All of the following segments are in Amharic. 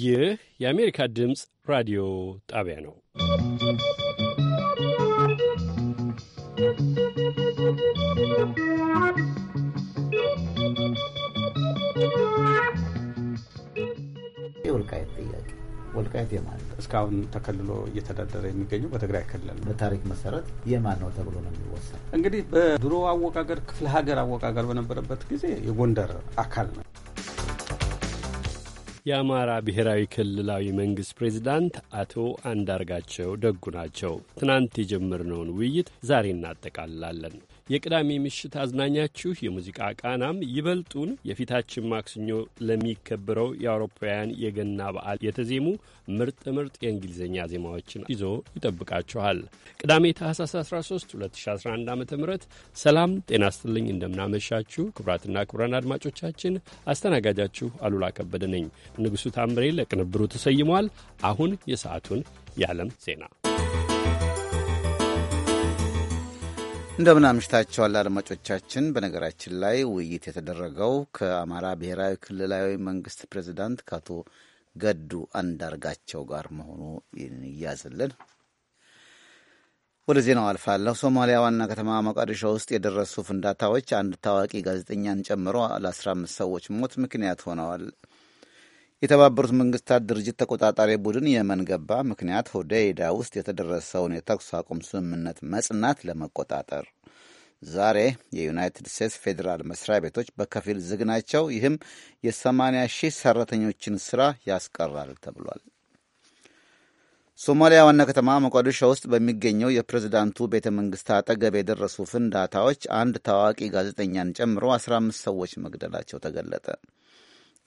ይህ የአሜሪካ ድምፅ ራዲዮ ጣቢያ ነው። የወልቃየት ጥያቄ ወልቃየት የማን ነው? እስካሁን ተከልሎ እየተዳደረ የሚገኘው በትግራይ ክልል በታሪክ መሰረት የማን ነው ተብሎ ነው የሚወሰን። እንግዲህ በድሮ አወቃቀር ክፍለ ሀገር አወቃቀር በነበረበት ጊዜ የጎንደር አካል ነው። የአማራ ብሔራዊ ክልላዊ መንግስት ፕሬዚዳንት አቶ አንዳርጋቸው ደጉ ናቸው። ትናንት የጀመርነውን ውይይት ዛሬ እናጠቃልላለን። የቅዳሜ ምሽት አዝናኛችሁ የሙዚቃ ቃናም ይበልጡን የፊታችን ማክሰኞ ለሚከበረው የአውሮፓውያን የገና በዓል የተዜሙ ምርጥ ምርጥ የእንግሊዝኛ ዜማዎችን ይዞ ይጠብቃችኋል። ቅዳሜ ታህሳስ 13 2011 ዓ ም ሰላም ጤና ስትልኝ እንደምናመሻችሁ ክቡራትና ክቡራን አድማጮቻችን አስተናጋጃችሁ አሉላ ከበደ ነኝ። ንጉሡ ታምሬ ለቅንብሩ ተሰይሟል። አሁን የሰዓቱን የዓለም ዜና እንደምን አምሽታቸዋል አድማጮቻችን። በነገራችን ላይ ውይይት የተደረገው ከአማራ ብሔራዊ ክልላዊ መንግስት ፕሬዚዳንት ከአቶ ገዱ አንዳርጋቸው ጋር መሆኑ ይያዝልን። ወደ ዜናው አልፋለሁ። ሶማሊያ ዋና ከተማ ሞቃዲሾ ውስጥ የደረሱ ፍንዳታዎች አንድ ታዋቂ ጋዜጠኛን ጨምሮ ለ15 ሰዎች ሞት ምክንያት ሆነዋል። የተባበሩት መንግስታት ድርጅት ተቆጣጣሪ ቡድን የመን ገባ። ምክንያት ሆዴይዳ ውስጥ የተደረሰውን የተኩስ አቁም ስምምነት መጽናት ለመቆጣጠር ዛሬ የዩናይትድ ስቴትስ ፌዴራል መስሪያ ቤቶች በከፊል ዝግ ናቸው። ይህም የ80 ሺህ ሰራተኞችን ስራ ያስቀራል ተብሏል። ሶማሊያ ዋና ከተማ ሞቃዲሾ ውስጥ በሚገኘው የፕሬዝዳንቱ ቤተ መንግስት አጠገብ የደረሱ ፍንዳታዎች አንድ ታዋቂ ጋዜጠኛን ጨምሮ 15 ሰዎች መግደላቸው ተገለጠ።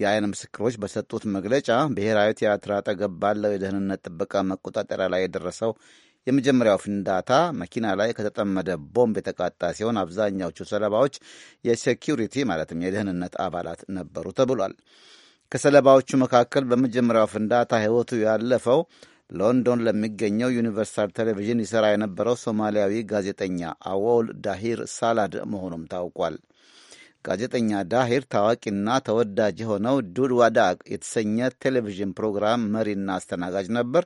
የአይን ምስክሮች በሰጡት መግለጫ ብሔራዊ ቲያትር አጠገብ ባለው የደህንነት ጥበቃ መቆጣጠሪያ ላይ የደረሰው የመጀመሪያው ፍንዳታ መኪና ላይ ከተጠመደ ቦምብ የተቃጣ ሲሆን አብዛኛዎቹ ሰለባዎች የሴኪሪቲ ማለትም የደህንነት አባላት ነበሩ ተብሏል። ከሰለባዎቹ መካከል በመጀመሪያው ፍንዳታ ሕይወቱ ያለፈው ሎንዶን ለሚገኘው ዩኒቨርሳል ቴሌቪዥን ይሠራ የነበረው ሶማሊያዊ ጋዜጠኛ አወል ዳሂር ሳላድ መሆኑም ታውቋል። ጋዜጠኛ ዳሂር ታዋቂና ተወዳጅ የሆነው ዱድ ዋዳ የተሰኘ ቴሌቪዥን ፕሮግራም መሪና አስተናጋጅ ነበር።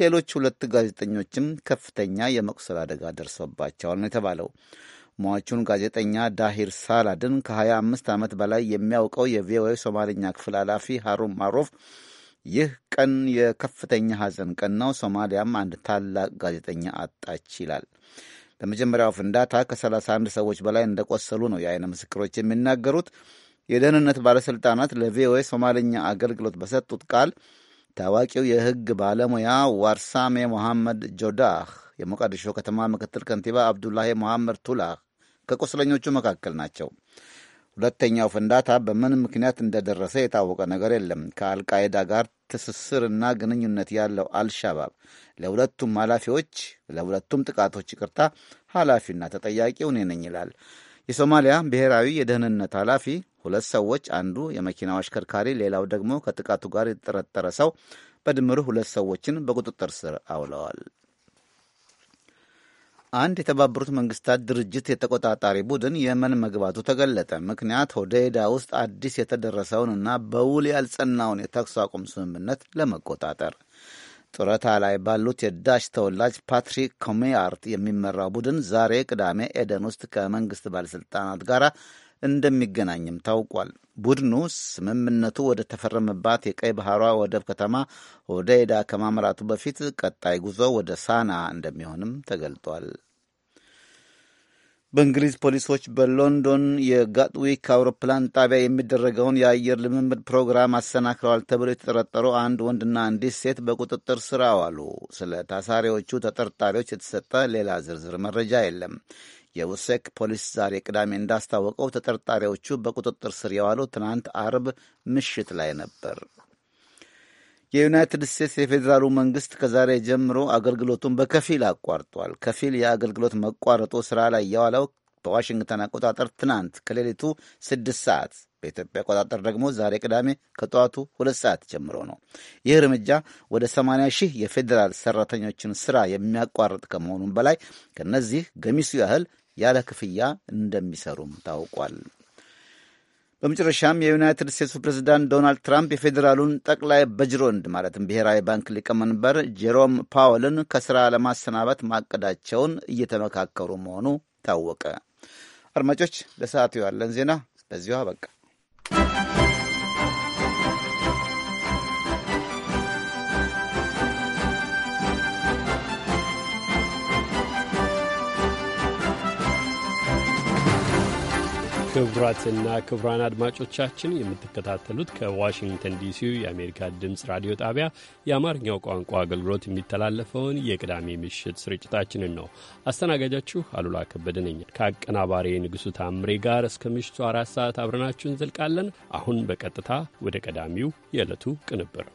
ሌሎች ሁለት ጋዜጠኞችም ከፍተኛ የመቁሰል አደጋ ደርሶባቸዋል ነው የተባለው። ሟቹን ጋዜጠኛ ዳሂር ሳላድን ከ25 ዓመት በላይ የሚያውቀው የቪኦኤ ሶማልኛ ክፍል ኃላፊ ሀሩን ማሮፍ ይህ ቀን የከፍተኛ ሐዘን ቀን ነው፣ ሶማሊያም አንድ ታላቅ ጋዜጠኛ አጣች ይላል። በመጀመሪያው ፍንዳታ ከ31 ሰዎች በላይ እንደቆሰሉ ነው የአይነ ምስክሮች የሚናገሩት። የደህንነት ባለሥልጣናት ለቪኦኤ ሶማልኛ አገልግሎት በሰጡት ቃል ታዋቂው የሕግ ባለሙያ ዋርሳሜ ሞሐመድ ጆዳህ፣ የሞቃዲሾ ከተማ ምክትል ከንቲባ አብዱላሂ ሞሐመድ ቱላህ ከቆስለኞቹ መካከል ናቸው። ሁለተኛው ፍንዳታ በምን ምክንያት እንደደረሰ የታወቀ ነገር የለም። ከአልቃይዳ ጋር ትስስርና ግንኙነት ያለው አልሻባብ ለሁለቱም ኃላፊዎች ለሁለቱም ጥቃቶች ይቅርታ ኃላፊና ተጠያቂው እኔ ነኝ ይላል። የሶማሊያ ብሔራዊ የደህንነት ኃላፊ ሁለት ሰዎች፣ አንዱ የመኪናው አሽከርካሪ፣ ሌላው ደግሞ ከጥቃቱ ጋር የተጠረጠረ ሰው በድምሩ ሁለት ሰዎችን በቁጥጥር ስር አውለዋል። አንድ የተባበሩት መንግስታት ድርጅት የተቆጣጣሪ ቡድን የመን መግባቱ ተገለጠ። ምክንያት ሆዴዳ ውስጥ አዲስ የተደረሰውንና በውል ያልጸናውን የተኩስ አቁም ስምምነት ለመቆጣጠር ጡረታ ላይ ባሉት የዳሽ ተወላጅ ፓትሪክ ኮሜያርት የሚመራው ቡድን ዛሬ ቅዳሜ ኤደን ውስጥ ከመንግስት ባለሥልጣናት ጋር እንደሚገናኝም ታውቋል። ቡድኑ ስምምነቱ ወደ ተፈረመባት የቀይ ባህሯ ወደብ ከተማ ሆዴዳ ከማምራቱ በፊት ቀጣይ ጉዞ ወደ ሳና እንደሚሆንም ተገልጧል። በእንግሊዝ ፖሊሶች በሎንዶን የጋትዊክ አውሮፕላን ጣቢያ የሚደረገውን የአየር ልምምድ ፕሮግራም አሰናክለዋል ተብሎ የተጠረጠሩ አንድ ወንድና አንዲት ሴት በቁጥጥር ስር አዋሉ። ስለ ታሳሪዎቹ ተጠርጣሪዎች የተሰጠ ሌላ ዝርዝር መረጃ የለም። የውሴክ ፖሊስ ዛሬ ቅዳሜ እንዳስታወቀው ተጠርጣሪዎቹ በቁጥጥር ስር የዋሉ ትናንት አርብ ምሽት ላይ ነበር። የዩናይትድ ስቴትስ የፌዴራሉ መንግስት ከዛሬ ጀምሮ አገልግሎቱን በከፊል አቋርጧል። ከፊል የአገልግሎት መቋረጡ ስራ ላይ የዋለው በዋሽንግተን አቆጣጠር ትናንት ከሌሊቱ ስድስት ሰዓት በኢትዮጵያ አቆጣጠር ደግሞ ዛሬ ቅዳሜ ከጠዋቱ ሁለት ሰዓት ጀምሮ ነው። ይህ እርምጃ ወደ 80 ሺህ የፌዴራል ሰራተኞችን ስራ የሚያቋርጥ ከመሆኑም በላይ ከነዚህ ገሚሱ ያህል ያለ ክፍያ እንደሚሰሩም ታውቋል። በመጨረሻም የዩናይትድ ስቴትሱ ፕሬዚዳንት ዶናልድ ትራምፕ የፌዴራሉን ጠቅላይ በጅሮንድ ማለትም ብሔራዊ ባንክ ሊቀመንበር ጄሮም ፓወልን ከሥራ ለማሰናበት ማቀዳቸውን እየተመካከሩ መሆኑ ታወቀ። አድማጮች፣ ለሰዓቱ ያለን ዜና በዚሁ አበቃ። ክቡራትና ክቡራን አድማጮቻችን የምትከታተሉት ከዋሽንግተን ዲሲ የአሜሪካ ድምፅ ራዲዮ ጣቢያ የአማርኛው ቋንቋ አገልግሎት የሚተላለፈውን የቅዳሜ ምሽት ስርጭታችንን ነው። አስተናጋጃችሁ አሉላ ከበደ ነኝ። ከአቀናባሪ ንጉሡ ታምሬ ጋር እስከ ምሽቱ አራት ሰዓት አብረናችሁ እንዘልቃለን። አሁን በቀጥታ ወደ ቀዳሚው የዕለቱ ቅንብር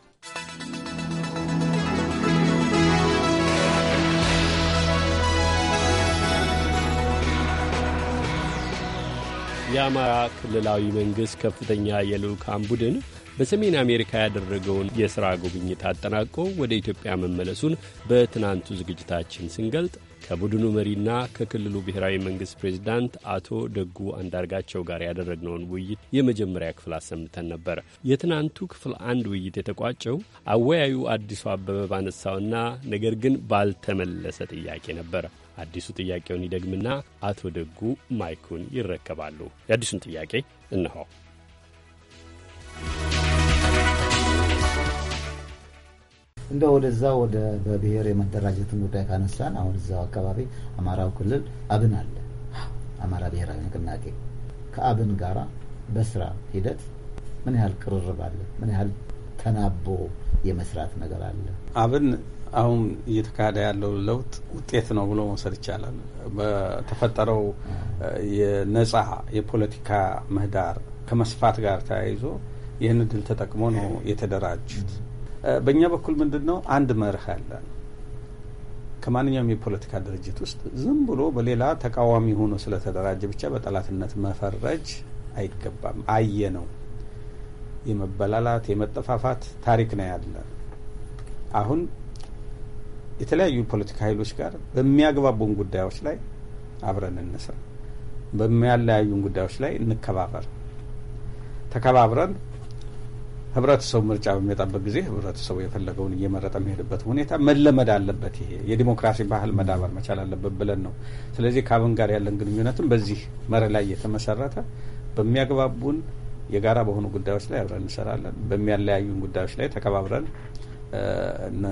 የአማራ ክልላዊ መንግሥት ከፍተኛ የልዑካን ቡድን በሰሜን አሜሪካ ያደረገውን የሥራ ጉብኝት አጠናቆ ወደ ኢትዮጵያ መመለሱን በትናንቱ ዝግጅታችን ስንገልጥ ከቡድኑ መሪና ከክልሉ ብሔራዊ መንግሥት ፕሬዚዳንት አቶ ደጉ አንዳርጋቸው ጋር ያደረግነውን ውይይት የመጀመሪያ ክፍል አሰምተን ነበር። የትናንቱ ክፍል አንድ ውይይት የተቋጨው አወያዩ አዲሱ አበበ ባነሳውና ነገር ግን ባልተመለሰ ጥያቄ ነበር። አዲሱ ጥያቄውን ይደግምና አቶ ደጉ ማይኩን ይረከባሉ። የአዲሱን ጥያቄ እንሆ። እንደ ወደዛ ወደ በብሔር የመደራጀትን ጉዳይ ካነሳን አሁን እዛው አካባቢ አማራው ክልል አብን አለ። አማራ ብሔራዊ ንቅናቄ ከአብን ጋራ በስራ ሂደት ምን ያህል ቅርርብ አለ? ምን ያህል ተናቦ የመስራት ነገር አለ? አብን አሁን እየተካሄደ ያለው ለውጥ ውጤት ነው ብሎ መውሰድ ይቻላል። በተፈጠረው የነጻ የፖለቲካ ምህዳር ከመስፋት ጋር ተያይዞ ይህን እድል ተጠቅሞ ነው የተደራጁት። በእኛ በኩል ምንድን ነው አንድ መርህ አለን። ከማንኛውም የፖለቲካ ድርጅት ውስጥ ዝም ብሎ በሌላ ተቃዋሚ ሆኖ ስለተደራጀ ብቻ በጠላትነት መፈረጅ አይገባም። አየ ነው የመበላላት የመጠፋፋት ታሪክ ነው ያለን አሁን የተለያዩ ፖለቲካ ኃይሎች ጋር በሚያግባቡን ጉዳዮች ላይ አብረን እንስራ፣ በሚያለያዩን ጉዳዮች ላይ እንከባበር። ተከባብረን ህብረተሰቡ ምርጫ በሚመጣበት ጊዜ ህብረተሰቡ የፈለገውን እየመረጠ የሚሄድበት ሁኔታ መለመድ አለበት። ይሄ የዲሞክራሲ ባህል መዳበር መቻል አለበት ብለን ነው። ስለዚህ ከአብን ጋር ያለን ግንኙነትም በዚህ መርህ ላይ የተመሰረተ በሚያግባቡን የጋራ በሆኑ ጉዳዮች ላይ አብረን እንሰራለን፣ በሚያለያዩን ጉዳዮች ላይ ተከባብረን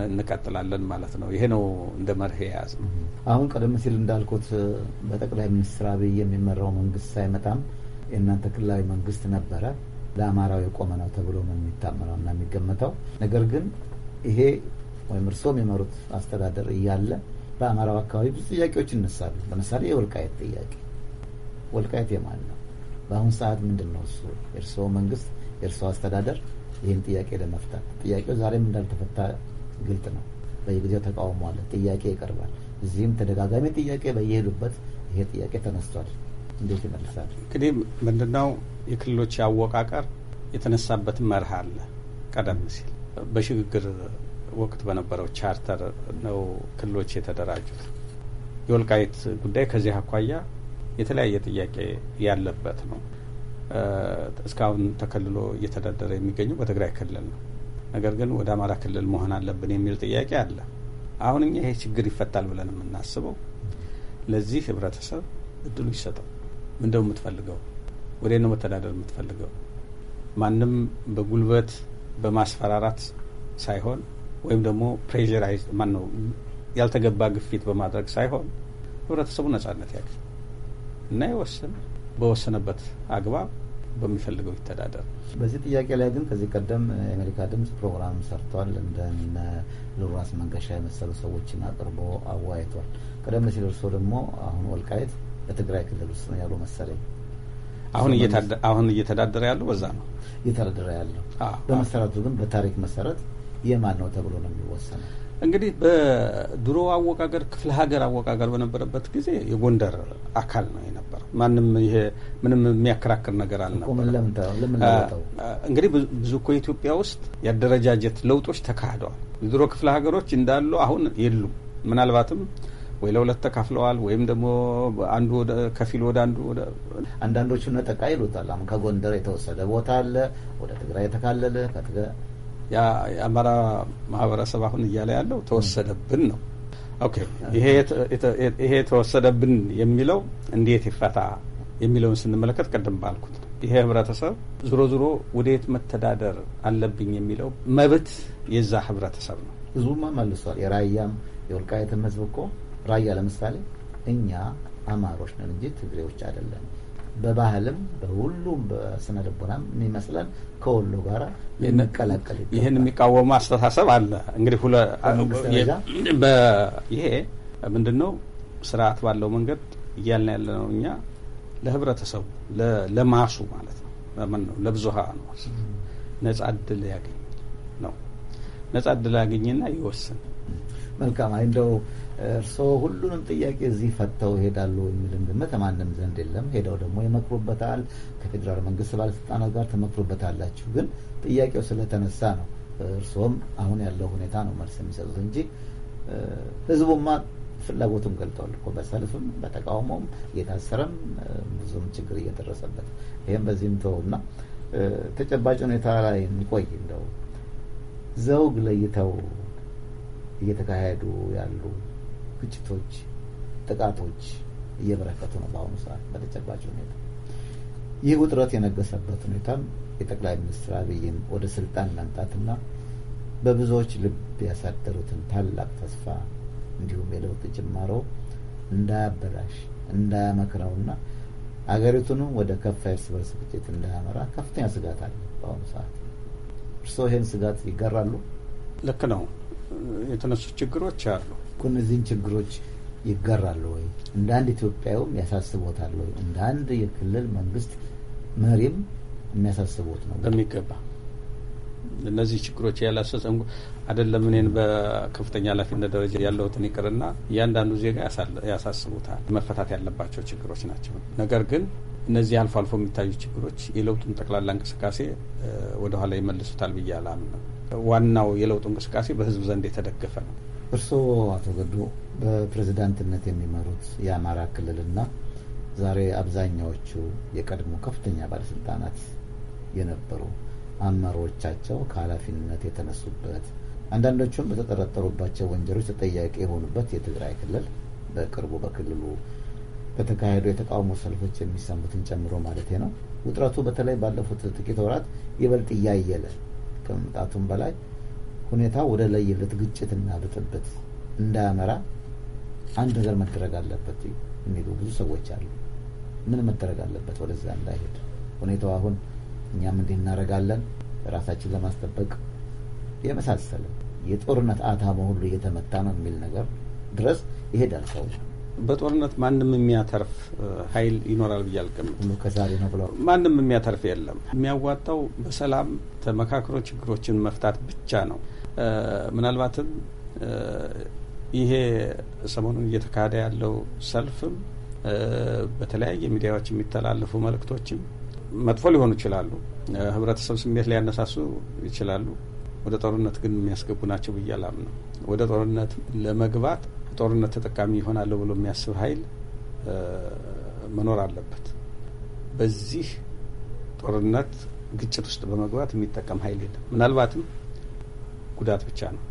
እንቀጥላለን ማለት ነው። ይሄ ነው እንደ መርሄ የያዝ ነው። አሁን ቀደም ሲል እንዳልኩት በጠቅላይ ሚኒስትር አብይ የሚመራው መንግስት ሳይመጣም የእናንተ ክልላዊ መንግስት ነበረ ለአማራው የቆመ ነው ተብሎ ነው የሚታመነው እና የሚገመተው። ነገር ግን ይሄ ወይም እርስዎ የሚመሩት አስተዳደር እያለ በአማራው አካባቢ ብዙ ጥያቄዎች ይነሳሉ። ለምሳሌ የወልቃየት ጥያቄ፣ ወልቃየት የማን ነው? በአሁኑ ሰዓት ምንድን ነው እሱ? የእርስዎ መንግስት የእርስዎ አስተዳደር ይህን ጥያቄ ለመፍታት ጥያቄው ዛሬም እንዳልተፈታ ግልጥ ነው። በየጊዜው ተቃውሞ አለ፣ ጥያቄ ይቀርባል። እዚህም ተደጋጋሚ ጥያቄ በየሄዱበት ይሄ ጥያቄ ተነስቷል። እንዴት ይመልሳል? እንግዲህ ምንድነው የክልሎች አወቃቀር የተነሳበት መርህ አለ። ቀደም ሲል በሽግግር ወቅት በነበረው ቻርተር ነው ክልሎች የተደራጁት። የወልቃይት ጉዳይ ከዚህ አኳያ የተለያየ ጥያቄ ያለበት ነው። እስካሁን ተከልሎ እየተዳደረ የሚገኘው በትግራይ ክልል ነው። ነገር ግን ወደ አማራ ክልል መሆን አለብን የሚል ጥያቄ አለ። አሁን እኛ ይሄ ችግር ይፈታል ብለን የምናስበው ለዚህ ህብረተሰብ እድሉ ይሰጠው። ምንደው የምትፈልገው? ወደ ነው መተዳደር የምትፈልገው? ማንም በጉልበት በማስፈራራት ሳይሆን ወይም ደግሞ ፕሬራይዝ ማን ነው ያልተገባ ግፊት በማድረግ ሳይሆን ህብረተሰቡ ነጻነት ያገኝ እና ይወስን። በወሰነበት አግባብ በሚፈልገው ይተዳደር። በዚህ ጥያቄ ላይ ግን ከዚህ ቀደም የአሜሪካ ድምጽ ፕሮግራም ሰርቷል። እንደነ ሉራስ መንገሻ የመሰሉ ሰዎችን አቅርቦ አወያይቷል። ቀደም ሲል እርስዎ ደግሞ አሁን ወልቃይት በትግራይ ክልል ውስጥ ነው ያሉ መሰለኝ። አሁን እየተዳደረ ያለው በዛ ነው እየተዳደረ ያለው። በመሰረቱ ግን በታሪክ መሰረት የማን ነው ተብሎ ነው የሚወሰነው። እንግዲህ በድሮ አወቃቀር ክፍለ ሀገር አወቃቀር በነበረበት ጊዜ የጎንደር አካል ነው የነበረው። ማንም ይሄ ምንም የሚያከራክር ነገር አልነበረም። እንግዲህ ብዙ እኮ ኢትዮጵያ ውስጥ የአደረጃጀት ለውጦች ተካሂደዋል። የድሮ ክፍለ ሀገሮች እንዳሉ አሁን የሉም። ምናልባትም ወይ ለሁለት ተካፍለዋል ወይም ደግሞ አንዱ ወደ ከፊል ወደ አንዱ ወደ አንዳንዶቹ ነጠቃ ይሉታል። አሁን ከጎንደር የተወሰደ ቦታ አለ ወደ ትግራይ የተካለለ የአማራ ማህበረሰብ አሁን እያለ ያለው ተወሰደብን ነው። ኦኬ ይሄ ተወሰደብን የሚለው እንዴት ይፈታ የሚለውን ስንመለከት ቅድም ባልኩት ይሄ ህብረተሰብ ዞሮ ዞሮ ወዴት መተዳደር አለብኝ የሚለው መብት የዛ ህብረተሰብ ነው። ብዙማ መልሷል። የራያም የወልቃየትም ህዝብ እኮ ራያ ለምሳሌ እኛ አማሮች ነን እንጂ ትግሬዎች አይደለም በባህልም በሁሉም በስነ ልቦናም የሚመስለን ከወሎ ጋር የሚቀላቀል ይህን የሚቃወሙ አስተሳሰብ አለ። እንግዲህ ሁለ ይሄ ምንድን ነው ስርዓት ባለው መንገድ እያልን ያለ ነው። እኛ ለህብረተሰቡ ለማሱ ማለት ነው ምን ነው ለብዙሃኑ ነጻ እድል ያገኝ ነው። ነጻ እድል ያገኝና ይወስን። መልካም አይ እንደው እርስዎ ሁሉንም ጥያቄ እዚህ ፈተው ይሄዳሉ የሚልም ግምት ማንም ዘንድ የለም። ሄደው ደግሞ ይመክሩበታል። ከፌዴራል መንግስት ባለስልጣናት ጋር ትመክሩበታላችሁ። ግን ጥያቄው ስለተነሳ ነው እርስዎም አሁን ያለው ሁኔታ ነው መልስ የሚሰጡት እንጂ ህዝቡማ ፍላጎቱም ገልጠዋል እኮ በሰልፍም በተቃውሞም እየታሰረም ብዙም ችግር እየደረሰበት ይህም በዚህም ተውና ተጨባጭ ሁኔታ ላይ እንቆይ። እንደው ዘውግ ለይተው እየተካሄዱ ያሉ ግጭቶች፣ ጥቃቶች እየበረከቱ ነው በአሁኑ ሰዓት በተጨባጭ ሁኔታ። ይህ ውጥረት የነገሰበት ሁኔታም የጠቅላይ ሚኒስትር አብይን ወደ ስልጣን መምጣትና በብዙዎች ልብ ያሳደሩትን ታላቅ ተስፋ እንዲሁም የለውጥ ጅማሮ እንዳያበላሽ እንዳያመክነውና አገሪቱንም ወደ ከፋ እርስ በርስ ግጭት እንዳያመራ ከፍተኛ ስጋት አለ በአሁኑ ሰዓት። እርስዎ ይህን ስጋት ይጋራሉ? ልክ ነው። የተነሱ ችግሮች አሉ። እኮ እነዚህን ችግሮች ይጋራሉ ወይ? እንደ አንድ ኢትዮጵያውም ያሳስቦታል ወይ? እንደ አንድ የክልል መንግስት መሪም የሚያሳስቦት ነው በሚገባ እነዚህ ችግሮች ያላሰሰን አይደለም። እኔን በከፍተኛ ኃላፊነት ደረጃ ያለሁትን ይቅርና እያንዳንዱ ዜጋ ያሳስቡታል። መፈታት ያለባቸው ችግሮች ናቸው። ነገር ግን እነዚህ አልፎ አልፎ የሚታዩ ችግሮች የለውጡን ጠቅላላ እንቅስቃሴ ወደኋላ ይመልሱታል ብዬ አላምንም። ዋናው የለውጡ እንቅስቃሴ በህዝብ ዘንድ የተደገፈ ነው። እርስዎ አቶ ገዱ በፕሬዝዳንትነት የሚመሩት የአማራ ክልልና ዛሬ አብዛኛዎቹ የቀድሞ ከፍተኛ ባለስልጣናት የነበሩ አመራሮቻቸው ከኃላፊነት የተነሱበት አንዳንዶቹም በተጠረጠሩባቸው ወንጀሎች ተጠያቂ የሆኑበት የትግራይ ክልል በቅርቡ በክልሉ በተካሄዱ የተቃውሞ ሰልፎች የሚሰሙትን ጨምሮ ማለት ነው። ውጥረቱ በተለይ ባለፉት ጥቂት ወራት ይበልጥ እያየለ ከመምጣቱም በላይ ሁኔታ ወደ ለየለት ግጭትና ብጥብጥ እንዳያመራ አንድ ነገር መደረግ አለበት የሚሉ ብዙ ሰዎች አሉ። ምን መደረግ አለበት ወደዛ እንዳይሄድ? ሁኔታው አሁን እኛም እንዲህ እናደርጋለን ራሳችን ለማስጠበቅ የመሳሰለ የጦርነት አታሞ ሁሉ እየተመታ ነው የሚል ነገር ድረስ ይሄዳል ሰው በጦርነት ማንም የሚያተርፍ ኃይል ይኖራል ብዬ አልገምትም። ከዛሬ ነው ብለው ማንም የሚያተርፍ የለም። የሚያዋጣው በሰላም ተመካክሮ ችግሮችን መፍታት ብቻ ነው። ምናልባትም ይሄ ሰሞኑን እየተካሄደ ያለው ሰልፍም በተለያየ ሚዲያዎች የሚተላለፉ መልእክቶችም መጥፎ ሊሆኑ ይችላሉ። ህብረተሰብ ስሜት ሊያነሳሱ ይችላሉ። ወደ ጦርነት ግን የሚያስገቡ ናቸው ብዬ አላምንም። ወደ ጦርነት ለመግባት ጦርነት ተጠቃሚ ይሆናለሁ ብሎ የሚያስብ ኃይል መኖር አለበት። በዚህ ጦርነት ግጭት ውስጥ በመግባት የሚጠቀም ኃይል የለም። ምናልባትም ጉዳት ብቻ ነው።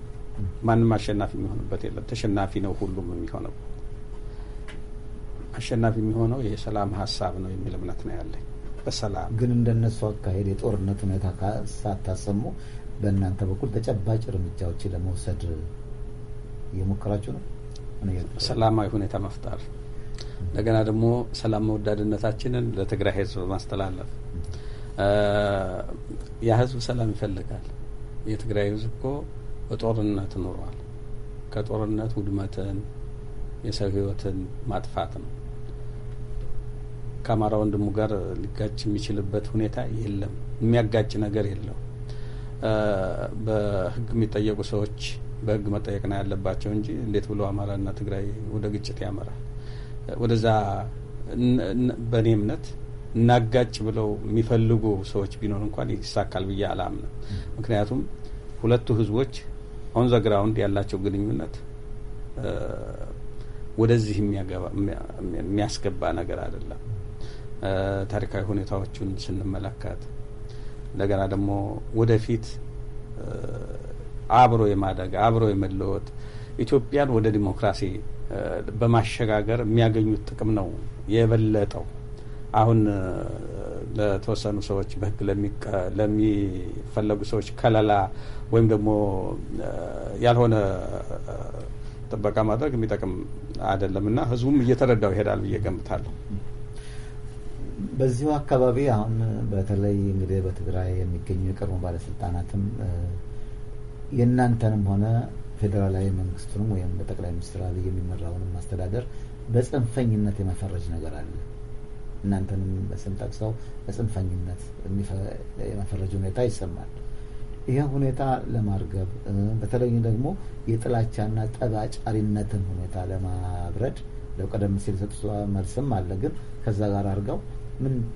ማንም አሸናፊ የሚሆንበት የለም። ተሸናፊ ነው ሁሉም የሚሆነው። አሸናፊ የሚሆነው የሰላም ሀሳብ ነው የሚል እምነት ነው ያለኝ። በሰላም ግን እንደነሱ አካሄድ የጦርነት ሁኔታ ሳታሰሙ በእናንተ በኩል ተጨባጭ እርምጃዎች ለመውሰድ እየሞከራችሁ ነው? ሰላማዊ ሁኔታ መፍጠር እንደገና ደግሞ ሰላም መወዳድነታችንን ለትግራይ ህዝብ ማስተላለፍ። ያ ህዝብ ሰላም ይፈልጋል። የትግራይ ህዝብ እኮ በጦርነት ኑሯል። ከጦርነት ውድመትን፣ የሰው ህይወትን ማጥፋት ነው። ከአማራ ወንድሙ ጋር ሊጋጭ የሚችልበት ሁኔታ የለም። የሚያጋጭ ነገር የለው። በህግ የሚጠየቁ ሰዎች በህግ መጠየቅ ነው ያለባቸው እንጂ እንዴት ብሎ አማራና ትግራይ ወደ ግጭት ያመራል? ወደዛ በእኔ እምነት እናጋጭ ብለው የሚፈልጉ ሰዎች ቢኖር እንኳን ይሳካል ብዬ አላምንም። ምክንያቱም ሁለቱ ህዝቦች ኦን ዘ ግራውንድ ያላቸው ግንኙነት ወደዚህ የሚያስገባ ነገር አይደለም። ታሪካዊ ሁኔታዎቹን ስንመለከት እንደገና ደግሞ ወደፊት አብሮ የማደግ አብሮ የመለወጥ ኢትዮጵያን ወደ ዲሞክራሲ በማሸጋገር የሚያገኙት ጥቅም ነው የበለጠው። አሁን ለተወሰኑ ሰዎች በህግ ለሚፈለጉ ሰዎች ከለላ ወይም ደግሞ ያልሆነ ጥበቃ ማድረግ የሚጠቅም አይደለም እና ህዝቡም እየተረዳው ይሄዳል ብዬ ገምታለሁ። በዚሁ አካባቢ አሁን በተለይ እንግዲህ በትግራይ የሚገኙ የቀድሞ ባለስልጣናትም የእናንተንም ሆነ ፌዴራላዊ መንግስቱንም ወይም በጠቅላይ ሚኒስትር አብይ የሚመራውንም ማስተዳደር በጽንፈኝነት የመፈረጅ ነገር አለ። እናንተንም በስም ጠቅሰው በጽንፈኝነት የመፈረጅ ሁኔታ ይሰማል። ይህ ሁኔታ ለማርገብ በተለይ ደግሞ የጥላቻና ጠባጫሪነትን ሁኔታ ለማብረድ ቀደም ሲል ሰጡ መልስም አለ። ግን ከዛ ጋር አድርገው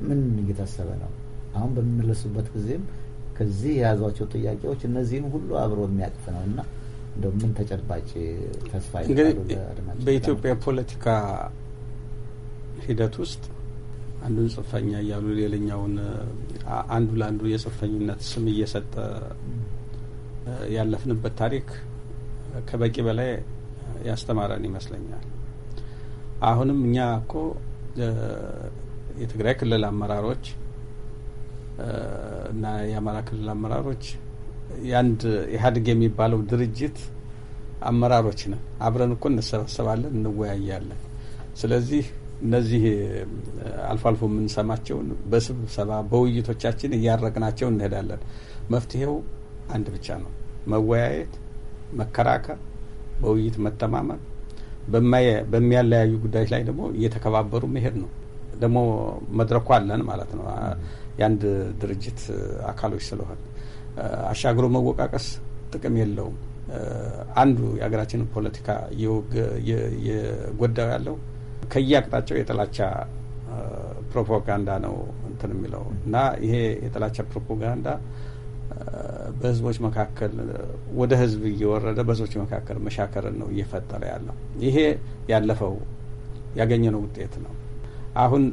ምን እየታሰበ ነው? አሁን በሚመለሱበት ጊዜም ከዚህ የያዟቸው ጥያቄዎች እነዚህን ሁሉ አብሮ የሚያቅፍ ነው እና እንደው ምን ተጨባጭ ተስፋ በኢትዮጵያ ፖለቲካ ሂደት ውስጥ አንዱን ጽንፈኛ እያሉ ሌላኛውን አንዱ ለአንዱ የጽንፈኝነት ስም እየሰጠ ያለፍንበት ታሪክ ከበቂ በላይ ያስተማረን ይመስለኛል። አሁንም እኛ እኮ የትግራይ ክልል አመራሮች እና የአማራ ክልል አመራሮች የአንድ ኢህአዴግ የሚባለው ድርጅት አመራሮች ነን። አብረን እኮ እንሰበሰባለን፣ እንወያያለን። ስለዚህ እነዚህ አልፎ አልፎ የምንሰማቸውን በስብሰባ በውይይቶቻችን እያረቅናቸው እንሄዳለን። መፍትሄው አንድ ብቻ ነው፣ መወያየት፣ መከራከር፣ በውይይት መተማመን፣ በሚያለያዩ ጉዳዮች ላይ ደግሞ እየተከባበሩ መሄድ ነው። ደግሞ መድረኩ አለን ማለት ነው። የአንድ ድርጅት አካሎች ስለሆን አሻግሮ መወቃቀስ ጥቅም የለውም። አንዱ የሀገራችን ፖለቲካ የጎዳው ያለው ከየአቅጣጫው የጥላቻ ፕሮፓጋንዳ ነው እንትን የሚለው እና ይሄ የጥላቻ ፕሮፓጋንዳ በህዝቦች መካከል ወደ ህዝብ እየወረደ በህዝቦች መካከል መሻከርን ነው እየፈጠረ ያለው። ይሄ ያለፈው ያገኘነው ውጤት ነው። አሁን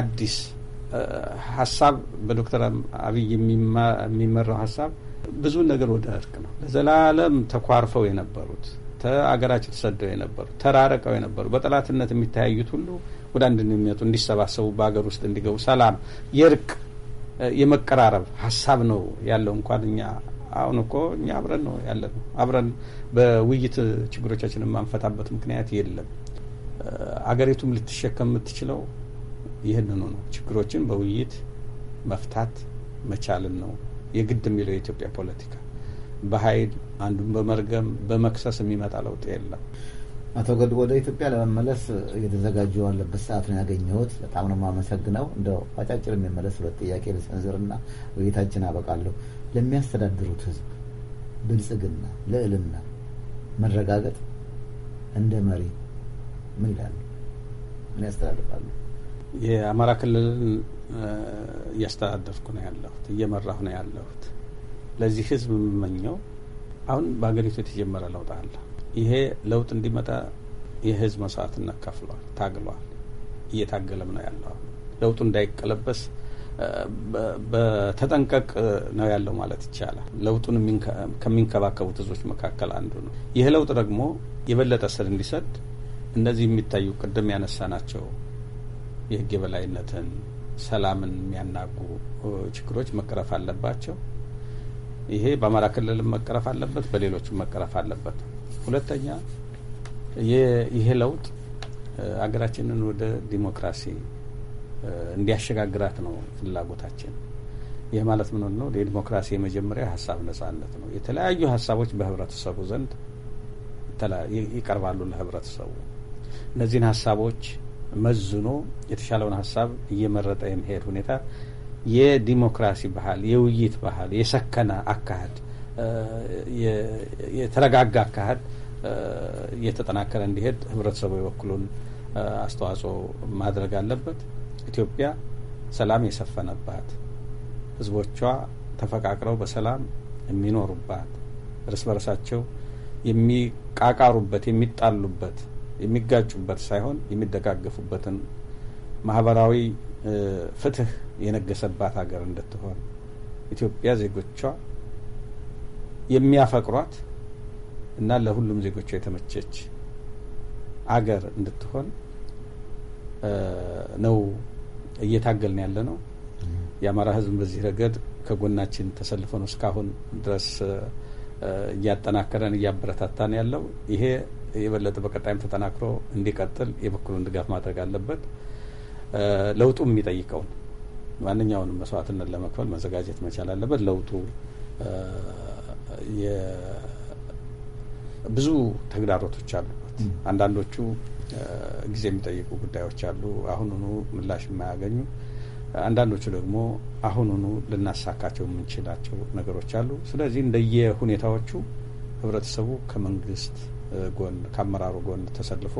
አዲስ ሀሳብ በዶክተር አብይ የሚመራው ሀሳብ ብዙ ነገር ወደ እርቅ ነው። ለዘላለም ተኳርፈው የነበሩት አገራቸው ተሰደው የነበሩ ተራርቀው የነበሩ በጠላትነት የሚተያዩት ሁሉ ወደ አንድ የሚመጡ እንዲሰባሰቡ፣ በሀገር ውስጥ እንዲገቡ፣ ሰላም፣ የእርቅ የመቀራረብ ሀሳብ ነው ያለው። እንኳን እኛ አሁን እኮ እኛ አብረን ነው ያለ ነው አብረን በውይይት ችግሮቻችን የማንፈታበት ምክንያት የለም። አገሪቱም ልትሸከም የምትችለው ይህንኑ ነው። ችግሮችን በውይይት መፍታት መቻልን ነው የግድ የሚለው የኢትዮጵያ ፖለቲካ። በኃይል አንዱን በመርገም በመክሰስ የሚመጣ ለውጥ የለም። አቶ ገድ ወደ ኢትዮጵያ ለመመለስ እየተዘጋጁ ያለበት ሰዓት ነው ያገኘሁት። በጣም ነው የማመሰግነው። እንደ አጫጭር የሚመለስ ሁለት ጥያቄ ልሰንዝርና ውይይታችን አበቃለሁ። ለሚያስተዳድሩት ህዝብ ብልጽግና፣ ልዕልና፣ መረጋገጥ እንደ መሪ ምን ይላሉ? ምን ያስተዳድራሉ? የአማራ ክልልን እያስተዳደርኩ ነው ያለሁት፣ እየመራሁ ነው ያለሁት። ለዚህ ህዝብ የምመኘው አሁን በሀገሪቱ የተጀመረ ለውጥ አለ። ይሄ ለውጥ እንዲመጣ የህዝብ መስዋዕትነት ከፍሏል፣ ታግሏል፣ እየታገለም ነው ያለው። ለውጡ እንዳይቀለበስ በተጠንቀቅ ነው ያለው ማለት ይቻላል። ለውጡን ከሚንከባከቡት ህዝቦች መካከል አንዱ ነው። ይህ ለውጥ ደግሞ የበለጠ ስር እንዲሰድ እነዚህ የሚታዩ ቅድም ያነሳ ናቸው የህግ የበላይነትን፣ ሰላምን የሚያናጉ ችግሮች መቀረፍ አለባቸው። ይሄ በአማራ ክልልም መቀረፍ አለበት፣ በሌሎችም መቀረፍ አለበት። ሁለተኛ ይሄ ለውጥ አገራችንን ወደ ዲሞክራሲ እንዲያሸጋግራት ነው ፍላጎታችን። ይህ ማለት ምን ነው? የዲሞክራሲ የመጀመሪያ ሀሳብ ነጻነት ነው። የተለያዩ ሀሳቦች በህብረተሰቡ ዘንድ ይቀርባሉ ለህብረተሰቡ። እነዚህን ሀሳቦች መዝኖ የተሻለውን ሀሳብ እየመረጠ የመሄድ ሁኔታ የዲሞክራሲ ባህል፣ የውይይት ባህል፣ የሰከነ አካሄድ፣ የተረጋጋ አካሄድ እየተጠናከረ እንዲሄድ ህብረተሰቡ የበኩሉን አስተዋጽኦ ማድረግ አለበት። ኢትዮጵያ ሰላም የሰፈነባት ህዝቦቿ ተፈቃቅረው በሰላም የሚኖሩባት እርስ በርሳቸው የሚቃቃሩበት የሚጣሉበት የሚጋጩበት ሳይሆን የሚደጋገፉበትን ማህበራዊ ፍትህ የነገሰባት ሀገር እንድትሆን ኢትዮጵያ ዜጎቿ የሚያፈቅሯት እና ለሁሉም ዜጎቿ የተመቸች አገር እንድትሆን ነው እየታገልን ያለ ነው። የአማራ ሕዝብ በዚህ ረገድ ከጎናችን ተሰልፎ ነው እስካሁን ድረስ እያጠናከረን እያበረታታን ያለው ይሄ የበለጠ በቀጣይም ተጠናክሮ እንዲቀጥል የበኩሉን ድጋፍ ማድረግ አለበት። ለውጡ የሚጠይቀውን ማንኛውንም መስዋዕትነት ለመክፈል መዘጋጀት መቻል አለበት። ለውጡ ብዙ ተግዳሮቶች አሉበት። አንዳንዶቹ ጊዜ የሚጠይቁ ጉዳዮች አሉ፣ አሁኑኑ ምላሽ የማያገኙ አንዳንዶቹ ደግሞ አሁኑኑ ልናሳካቸው የምንችላቸው ነገሮች አሉ። ስለዚህ እንደየ ሁኔታዎቹ ህብረተሰቡ ከመንግስት ጎን ከአመራሩ ጎን ተሰልፎ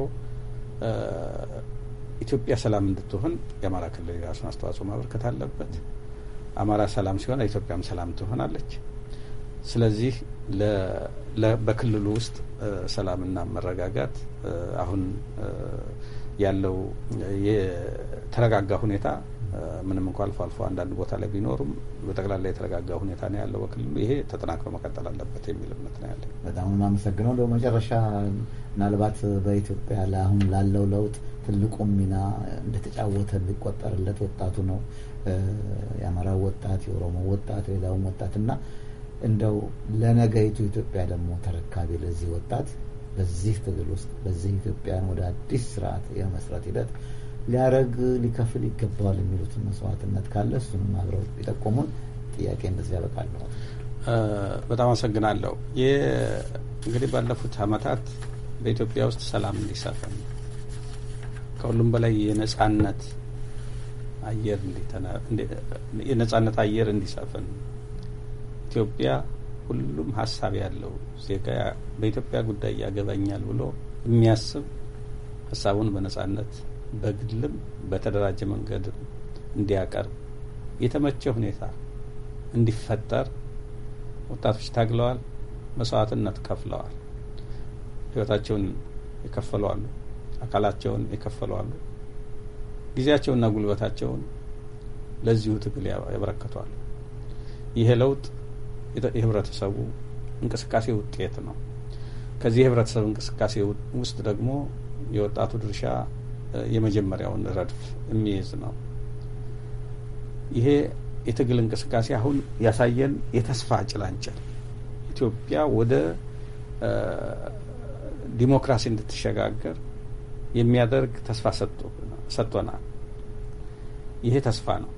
ኢትዮጵያ ሰላም እንድትሆን የአማራ ክልል የራሱን አስተዋጽኦ ማበርከት አለበት። አማራ ሰላም ሲሆን ኢትዮጵያም ሰላም ትሆናለች። ስለዚህ በክልሉ ውስጥ ሰላምና መረጋጋት አሁን ያለው የተረጋጋ ሁኔታ ምንም እንኳ አልፎ አልፎ አንዳንድ ቦታ ላይ ቢኖሩም በጠቅላላ የተረጋጋ ሁኔታ ነው ያለው በክልሉ። ይሄ ተጠናክሮ መቀጠል አለበት የሚል እምነት ነው ያለ። በጣም አመሰግነው። እንደ መጨረሻ ምናልባት በኢትዮጵያ አሁን ላለው ለውጥ ትልቁም ሚና እንደተጫወተ ሊቆጠርለት ወጣቱ ነው። የአማራው ወጣት፣ የኦሮሞ ወጣት፣ ሌላውም ወጣት እና እንደው ለነገይቱ ኢትዮጵያ ደግሞ ተረካቢ ለዚህ ወጣት በዚህ ትግል ውስጥ በዚህ ኢትዮጵያን ወደ አዲስ ስርዓት የመስራት ሂደት ሊያረግ ሊከፍል ይገባዋል የሚሉትን መስዋዕትነት ካለ እሱንም አብረው ቢጠቆሙን ጥያቄ እንደዚህ ያበቃለሁ። በጣም አመሰግናለሁ። ይህ እንግዲህ ባለፉት አመታት በኢትዮጵያ ውስጥ ሰላም እንዲሰፍን ከሁሉም በላይ የነጻነት አየር የነጻነት አየር እንዲሰፍን ኢትዮጵያ ሁሉም ሀሳብ ያለው ዜጋ በኢትዮጵያ ጉዳይ ያገባኛል ብሎ የሚያስብ ሀሳቡን በነጻነት በግልም በተደራጀ መንገድ እንዲያቀርብ የተመቸ ሁኔታ እንዲፈጠር ወጣቶች ታግለዋል፣ መስዋዕትነት ከፍለዋል። ህይወታቸውን የከፈለዋሉ፣ አካላቸውን የከፈለዋሉ፣ ጊዜያቸውና ጉልበታቸውን ለዚሁ ትግል ያበረከቷሉ። ይሄ ለውጥ የህብረተሰቡ እንቅስቃሴ ውጤት ነው። ከዚህ የህብረተሰብ እንቅስቃሴ ውስጥ ደግሞ የወጣቱ ድርሻ የመጀመሪያውን ረድፍ የሚይዝ ነው። ይሄ የትግል እንቅስቃሴ አሁን ያሳየን የተስፋ ጭላንጭል ኢትዮጵያ ወደ ዲሞክራሲ እንድትሸጋገር የሚያደርግ ተስፋ ሰጥቶናል። ይሄ ተስፋ ነው።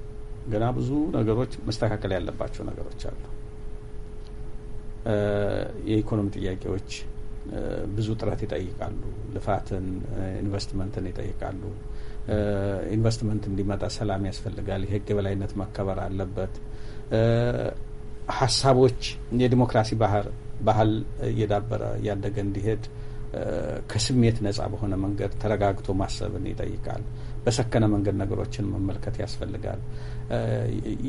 ገና ብዙ ነገሮች መስተካከል ያለባቸው ነገሮች አሉ። የኢኮኖሚ ጥያቄዎች ብዙ ጥረት ይጠይቃሉ። ልፋትን፣ ኢንቨስትመንትን ይጠይቃሉ። ኢንቨስትመንት እንዲመጣ ሰላም ያስፈልጋል። የህግ የበላይነት መከበር አለበት። ሀሳቦች የዲሞክራሲ ባህል እየዳበረ እያደገ እንዲሄድ ከስሜት ነጻ በሆነ መንገድ ተረጋግቶ ማሰብን ይጠይቃል። በሰከነ መንገድ ነገሮችን መመልከት ያስፈልጋል።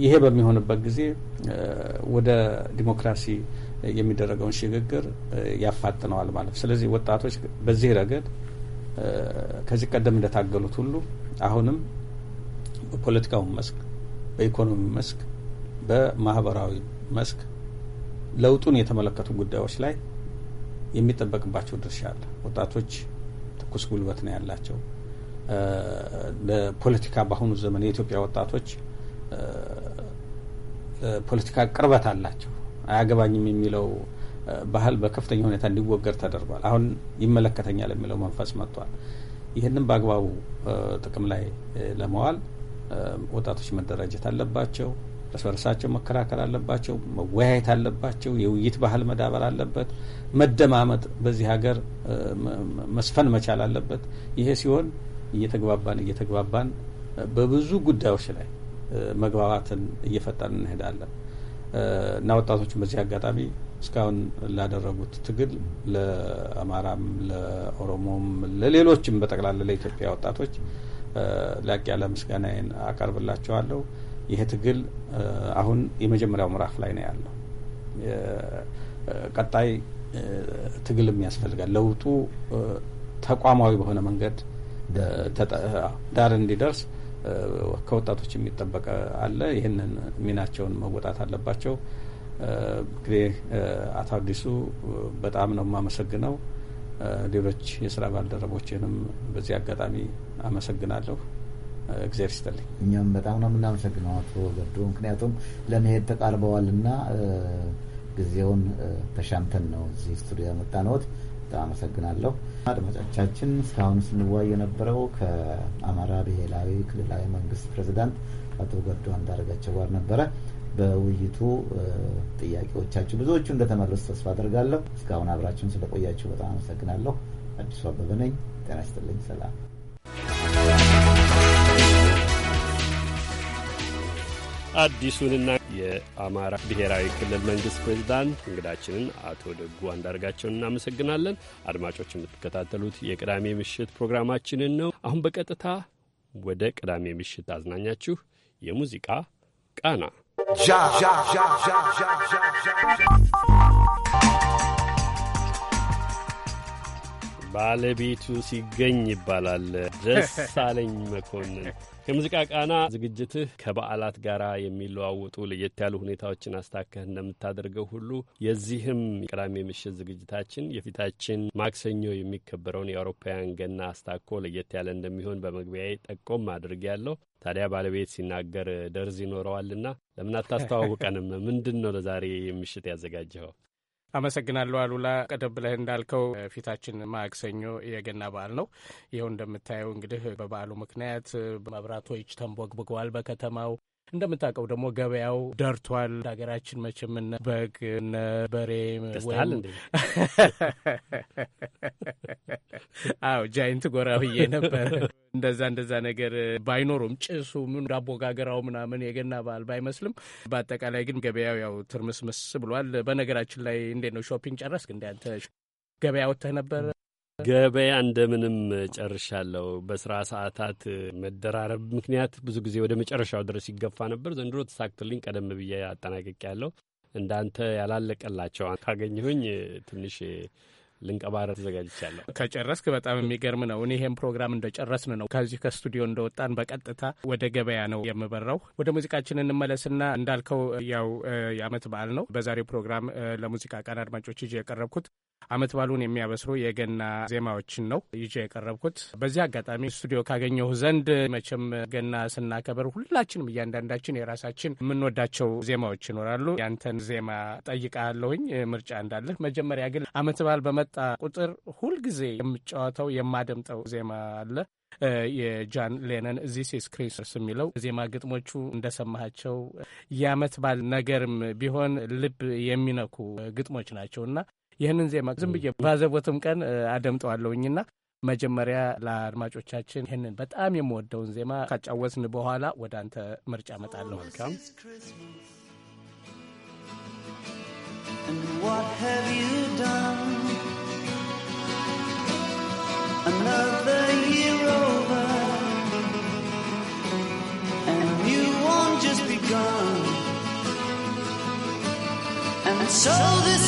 ይሄ በሚሆንበት ጊዜ ወደ ዲሞክራሲ የሚደረገውን ሽግግር ያፋጥነዋል ማለት። ስለዚህ ወጣቶች በዚህ ረገድ ከዚህ ቀደም እንደታገሉት ሁሉ አሁንም በፖለቲካው መስክ፣ በኢኮኖሚ መስክ፣ በማህበራዊ መስክ ለውጡን የተመለከቱ ጉዳዮች ላይ የሚጠበቅባቸው ድርሻ አለ። ወጣቶች ትኩስ ጉልበት ነው ያላቸው። ለፖለቲካ በአሁኑ ዘመን የኢትዮጵያ ወጣቶች ለፖለቲካ ቅርበት አላቸው። አያገባኝም የሚለው ባህል በከፍተኛ ሁኔታ እንዲወገድ ተደርጓል። አሁን ይመለከተኛል የሚለው መንፈስ መጥቷል። ይህንም በአግባቡ ጥቅም ላይ ለመዋል ወጣቶች መደራጀት አለባቸው። እርስ በርሳቸው መከራከል አለባቸው። መወያየት አለባቸው። የውይይት ባህል መዳበር አለበት። መደማመጥ በዚህ ሀገር መስፈን መቻል አለበት። ይሄ ሲሆን እየተግባባን እየተግባባን በብዙ ጉዳዮች ላይ መግባባትን እየፈጠርን እንሄዳለን። እና ወጣቶችን በዚህ አጋጣሚ እስካሁን ላደረጉት ትግል ለአማራም፣ ለኦሮሞም፣ ለሌሎችም በጠቅላላ ለኢትዮጵያ ወጣቶች ላቅ ያለ ምስጋናዬን አቀርብላቸዋለሁ። ይሄ ትግል አሁን የመጀመሪያው ምዕራፍ ላይ ነው ያለው። ቀጣይ ትግልም ያስፈልጋል። ለውጡ ተቋማዊ በሆነ መንገድ ዳር እንዲደርስ ከወጣቶች የሚጠበቀ አለ። ይህንን ሚናቸውን መወጣት አለባቸው። እንግዲህ አቶ አዲሱ በጣም ነው የማመሰግነው። ሌሎች የስራ ባልደረቦችንም በዚህ አጋጣሚ አመሰግናለሁ። እግዚአብሔር ይስጥልኝ። እኛም በጣም ነው የምናመሰግነው አቶ ገዱ፣ ምክንያቱም ለመሄድ ተቃርበዋልና ጊዜውን ተሻምተን ነው እዚህ ስቱዲዮ ያመጣነዎት። በጣም አመሰግናለሁ። አድማጮቻችን እስካሁን ስንዋይ የነበረው ከአማራ ብሔራዊ ክልላዊ መንግስት ፕሬዚዳንት አቶ ገዱ አንዳርጋቸው ጋር ነበረ። በውይይቱ ጥያቄዎቻችሁ ብዙዎቹ እንደተመለሱ ተስፋ አደርጋለሁ እስካሁን አብራችሁን ስለቆያችሁ በጣም አመሰግናለሁ። አዲሱ አበበ ነኝ። ጤና ይስጥልኝ። ሰላም። አዲሱንና የአማራ ብሔራዊ ክልል መንግስት ፕሬዚዳንት እንግዳችንን አቶ ደጉ አንዳርጋቸውን እናመሰግናለን። አድማጮች የምትከታተሉት የቅዳሜ ምሽት ፕሮግራማችንን ነው። አሁን በቀጥታ ወደ ቅዳሜ ምሽት አዝናኛችሁ የሙዚቃ ቃና ባለቤቱ ሲገኝ ይባላል። ደሳለኝ መኮንን የሙዚቃ ቃና ዝግጅትህ ከበዓላት ጋር የሚለዋወጡ ለየት ያሉ ሁኔታዎችን አስታከህ እንደምታደርገው ሁሉ የዚህም ቅዳሜ ምሽት ዝግጅታችን የፊታችን ማክሰኞ የሚከበረውን የአውሮፓውያን ገና አስታኮ ለየት ያለ እንደሚሆን በመግቢያዬ ጠቆም አድርጌያለሁ። ታዲያ ባለቤት ሲናገር ደርዝ ይኖረዋልና ለምን አታስተዋውቀንም? ምንድን ነው ለዛሬ ምሽት ያዘጋጀኸው? አመሰግናለሁ አሉላ። ቀደም ብለህ እንዳልከው ፊታችን ማክሰኞ የገና በዓል ነው። ይኸው እንደምታየው እንግዲህ በበዓሉ ምክንያት መብራቶች ተንቦግብገዋል በከተማው እንደምታውቀው ደግሞ ገበያው ደርቷል። ሀገራችን መቼም እነ በግ እነ በሬ ደስታል አዎ ጃይንት ጎራ ብዬ ነበረ። እንደዛ እንደዛ ነገር ባይኖሩም ጭሱ ምን ዳቦ ጋገራው ምናምን የገና በዓል ባይመስልም፣ በአጠቃላይ ግን ገበያው ያው ትርምስምስ ብሏል። በነገራችን ላይ እንዴት ነው ሾፒንግ ጨረስክ? እንደ አንተ ገበያ ወጥተህ ነበር? ገበያ እንደምንም ጨርሻለሁ። በስራ ሰዓታት መደራረብ ምክንያት ብዙ ጊዜ ወደ መጨረሻው ድረስ ይገፋ ነበር። ዘንድሮ ተሳክቶልኝ ቀደም ብዬ አጠናቀቅ ያለው እንዳንተ ያላለቀላቸው ካገኘሁኝ ትንሽ ልንቀባረር ተዘጋጅቻለሁ። ከጨረስክ በጣም የሚገርም ነው። እኔ ይሄን ፕሮግራም እንደጨረስን ነው ከዚህ ከስቱዲዮ እንደወጣን በቀጥታ ወደ ገበያ ነው የምበራው። ወደ ሙዚቃችን እንመለስና እንዳልከው ያው የአመት በዓል ነው በዛሬው ፕሮግራም ለሙዚቃ ቀን አድማጮች ይዤ የቀረብኩት አመት በዓሉን የሚያበስሩ የገና ዜማዎችን ነው ይዤ የቀረብኩት። በዚህ አጋጣሚ ስቱዲዮ ካገኘሁ ዘንድ መቼም ገና ስናከበር ሁላችንም እያንዳንዳችን የራሳችን የምንወዳቸው ዜማዎች ይኖራሉ። ያንተን ዜማ ጠይቃለሁኝ ምርጫ እንዳለህ። መጀመሪያ ግን አመት በዓል በመጣ በመጣ ቁጥር ሁልጊዜ የምጫወተው የማደምጠው ዜማ አለ። የጃን ሌነን ዚስ ኢዝ ክሪስማስ የሚለው ዜማ ግጥሞቹ እንደሰማሃቸው የአመት ባል ነገርም ቢሆን ልብ የሚነኩ ግጥሞች ናቸው እና ይህንን ዜማ ዝም ብዬ ባዘቦትም ቀን አደምጠዋለውኝና መጀመሪያ ለአድማጮቻችን ይህንን በጣም የምወደውን ዜማ ካጫወስን በኋላ ወደ አንተ ምርጫ መጣለሁ። መልካም And what have you done? So this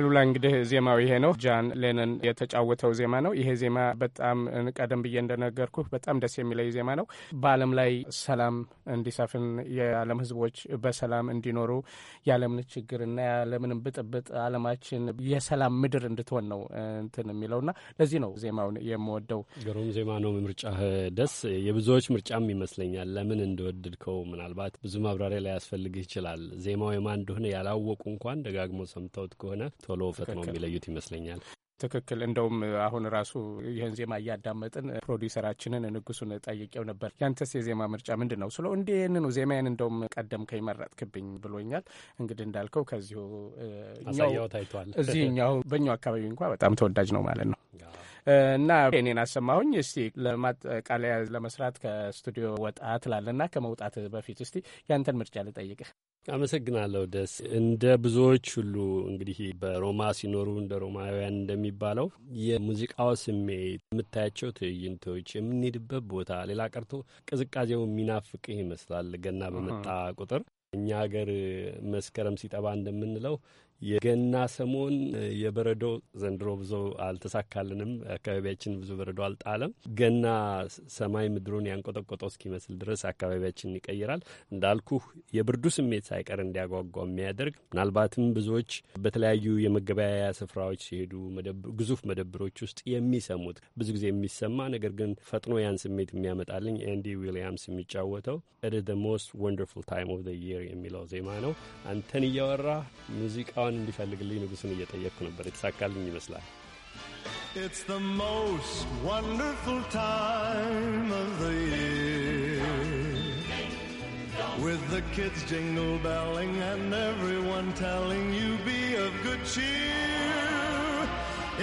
አሉላ እንግዲህ ዜማው ይሄ ነው። ጃን ሌነን የተጫወተው ዜማ ነው። ይሄ ዜማ በጣም ቀደም ብዬ እንደነገርኩ በጣም ደስ የሚለይ ዜማ ነው። በዓለም ላይ ሰላም እንዲሰፍን፣ የዓለም ሕዝቦች በሰላም እንዲኖሩ፣ ያለምን ችግርና የዓለምንም ብጥብጥ ዓለማችን የሰላም ምድር እንድትሆን ነው እንትን የሚለውና ለዚህ ነው ዜማውን የምወደው። ግሩም ዜማ ነው። ምርጫህ ደስ የብዙዎች ምርጫም ይመስለኛል። ለምን እንደወደድከው ምናልባት ብዙ ማብራሪያ ያስፈልግህ ይችላል። ዜማው የማን እንደሆነ ያላወቁ እንኳን ደጋግሞ ሰምተውት ከሆነ ቶሎ ፈጥኖ የሚለዩት ይመስለኛል። ትክክል። እንደውም አሁን ራሱ ይህን ዜማ እያዳመጥን ፕሮዲውሰራችንን ንጉሱን ጠይቄው ነበር። ያንተስ የዜማ ምርጫ ምንድን ነው? ስለ እንዲ ይህንኑ ዜማዬን እንደውም ቀደም ከይመረጥክብኝ ብሎኛል። እንግዲህ እንዳልከው ከዚሁ እዚህኛው በእኛው አካባቢ እንኳ በጣም ተወዳጅ ነው ማለት ነው። እና እኔን አሰማሁኝ። እስቲ ለማጠቃለያ ለመስራት ከስቱዲዮ ወጣ ትላለና ከመውጣት በፊት እስቲ ያንተን ምርጫ ልጠይቅህ። አመሰግናለሁ ደስ። እንደ ብዙዎች ሁሉ እንግዲህ በሮማ ሲኖሩ እንደ ሮማውያን እንደሚባለው የሙዚቃው ስሜት፣ የምታያቸው ትዕይንቶች፣ የምንሄድበት ቦታ፣ ሌላ ቀርቶ ቅዝቃዜው የሚናፍቅህ ይመስላል። ገና በመጣ ቁጥር እኛ ሀገር መስከረም ሲጠባ እንደምንለው የገና ሰሞን የበረዶ ዘንድሮ ብዙ አልተሳካልንም። አካባቢያችን ብዙ በረዶ አልጣለም። ገና ሰማይ ምድሩን ያንቆጠቆጠው እስኪመስል ድረስ አካባቢያችን ይቀይራል። እንዳልኩ የብርዱ ስሜት ሳይቀር እንዲያጓጓ የሚያደርግ ምናልባትም ብዙዎች በተለያዩ የመገበያያ ስፍራዎች ሲሄዱ ግዙፍ መደብሮች ውስጥ የሚሰሙት ብዙ ጊዜ የሚሰማ ነገር ግን ፈጥኖ ያን ስሜት የሚያመጣልኝ ኤንዲ ዊሊያምስ የሚጫወተው ኢት ኢዝ ዘ ሞስት ወንደርፉል ታይም ኦፍ ዘ የሚለው ዜማ ነው። አንተን እያወራ ሙዚቃ እንዲፈልግልኝ ንጉሥን እየጠየቅኩ ነበር። የተሳካልኝ ይመስላል። It's the most wonderful time of the year With the kids jingle belling and everyone telling you be of good cheer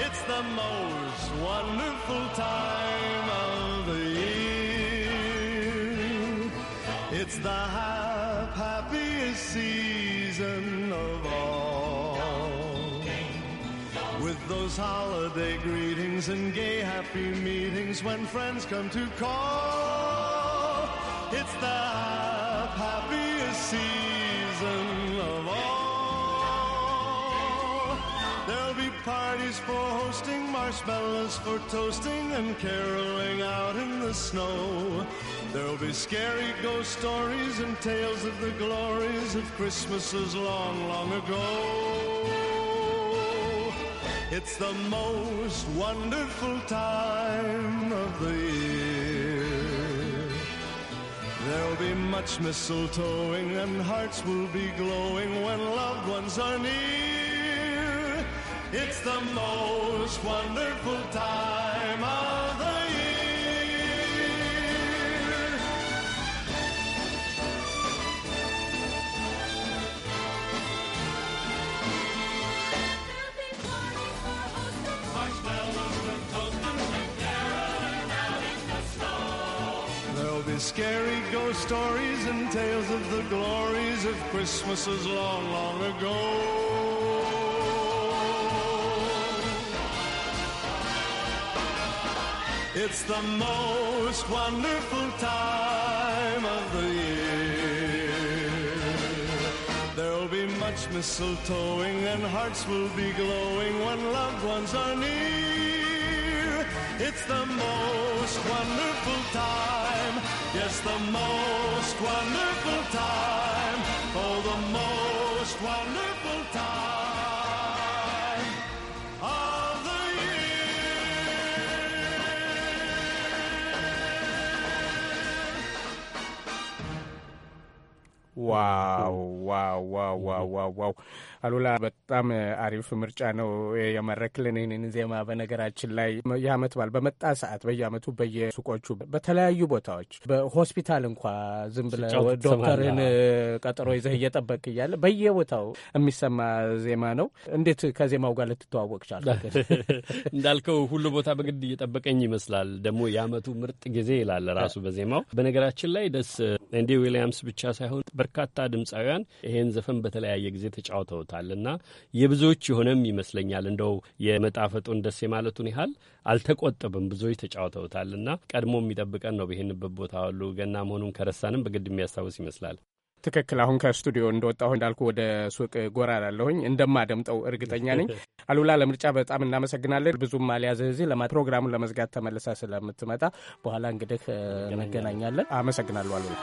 It's the most wonderful time of the year It's the happiest season with those holiday greetings and gay happy meetings when friends come to call. It's the happiest season of all. There'll be parties for hosting, marshmallows for toasting, and caroling out in the snow. There'll be scary ghost stories and tales of the glories of Christmases long, long ago. It's the most wonderful time of the year. There'll be much mistletoeing and hearts will be glowing when loved ones are near. It's the most wonderful time. Scary ghost stories and tales of the glories of Christmases long, long ago. It's the most wonderful time of the year. There'll be much mistletoeing and hearts will be glowing when loved ones are near. It's the most wonderful time. Yes, the most wonderful time. Oh, the most wonderful time of the year. Wow, wow, wow, wow, wow, wow. አሉላ በጣም አሪፍ ምርጫ ነው የመረክልን ይህንን ዜማ። በነገራችን ላይ የአመት በዓል በመጣ ሰዓት በየአመቱ በየሱቆቹ በተለያዩ ቦታዎች በሆስፒታል እንኳ ዝም ብለህ ዶክተርህን ቀጠሮ ይዘህ እየጠበቅ እያለ በየቦታው የሚሰማ ዜማ ነው። እንዴት ከዜማው ጋር ልትተዋወቅ ቻል? እንዳልከው ሁሉ ቦታ በግድ እየጠበቀኝ ይመስላል። ደግሞ የአመቱ ምርጥ ጊዜ ይላል ራሱ በዜማው። በነገራችን ላይ ደስ እንዲ ዊሊያምስ ብቻ ሳይሆን በርካታ ድምፃውያን ይሄን ዘፈን በተለያየ ጊዜ ተጫውተውታል። ይመጣልና የብዙዎች የሆነም ይመስለኛል። እንደው የመጣፈጡን ደስ የማለቱን ያህል አልተቆጠብም። ብዙዎች ተጫውተውታልና ቀድሞ የሚጠብቀን ነው። በሄንበት ቦታ ሁሉ ገና መሆኑን ከረሳንም በግድ የሚያስታውስ ይመስላል። ትክክል። አሁን ከስቱዲዮ እንደወጣሁ እንዳልኩ ወደ ሱቅ ጎራ ላለሁኝ እንደማደምጠው እርግጠኛ ነኝ። አሉላ ለምርጫ በጣም እናመሰግናለን። ብዙም አልያዝህ እዚህ ፕሮግራሙን ለመዝጋት ተመልሰህ ስለምትመጣ በኋላ እንግዲህ እንገናኛለን። አመሰግናለሁ አሉላ።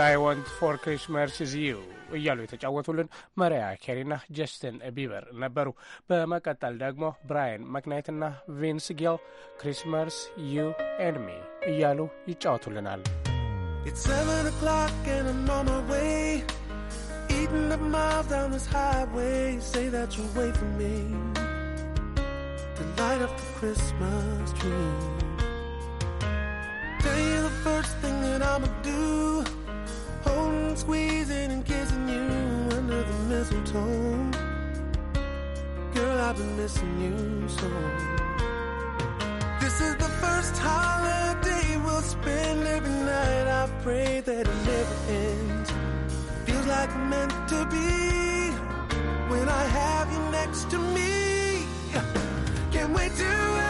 all I want for Christmas is you እያሉ የተጫወቱልን መሪያ ኬሪና ጀስትን ቢበር ነበሩ። በመቀጠል ደግሞ ብራያን መክናይትና ቪንስ ጊል ክሪስመስ ዩ ኤንድ ሚ እያሉ ይጫወቱልናል። It's seven o'clock and I'm on my way Eating up miles down this highway Say that you'll wait for me To light up the Christmas tree Tell you the first thing that I'ma do squeezing and kissing you under the mistletoe. Girl, I've been missing you so. This is the first holiday we'll spend every night. I pray that it never ends. Feels like meant to be when I have you next to me. Can't wait to.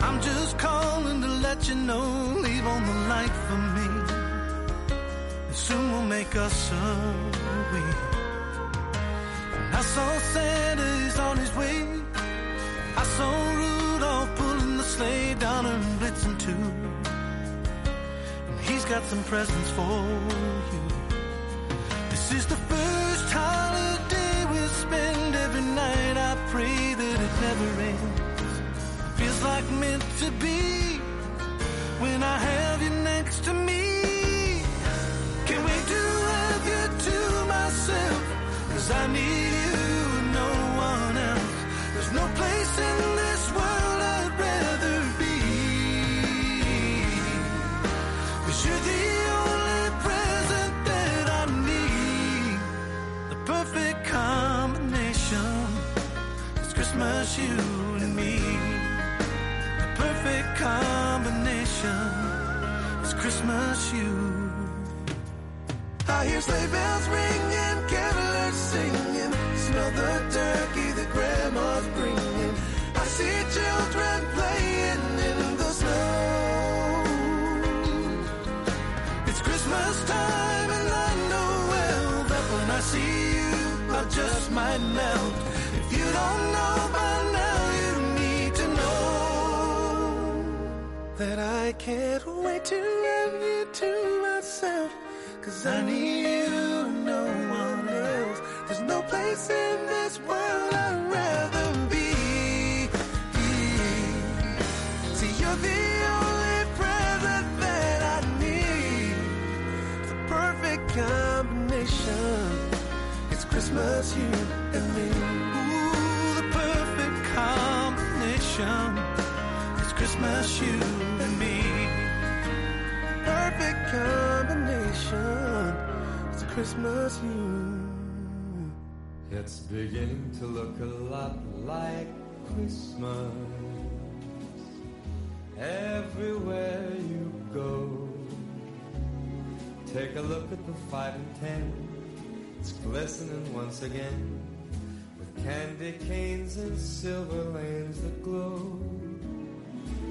I'm just calling to let you know, leave on the light for me. And soon we'll make us a week. I saw Santa on his way. I saw Rudolph pulling the sleigh down and Blitzen too. And he's got some presents for you. This is the first holiday we'll spend every night. I pray that it never ends like meant to be when I have you next to me. Can we do have you to myself? Cause I need you, no one else. There's no place in this world I'd rather be. Cause you're the only present that I need. The perfect combination its Christmas you combination was Christmas you. I hear sleigh bells ringing, carolers singing, smell the turkey that grandma's bringing. I see children playing in the snow. It's Christmas time and I know well that when I see you, I just might know. that I can't wait to love you to myself. Cause I need you, no one else. There's no place in this world I'd rather be. See, you're the only present that I need. The perfect combination. It's Christmas, you and me. Ooh, the perfect combination. It's Christmas, you perfect combination. It's Christmas you. It's beginning to look a lot like Christmas. Everywhere you go, take a look at the five and ten. It's glistening once again with candy canes and silver lanes that glow.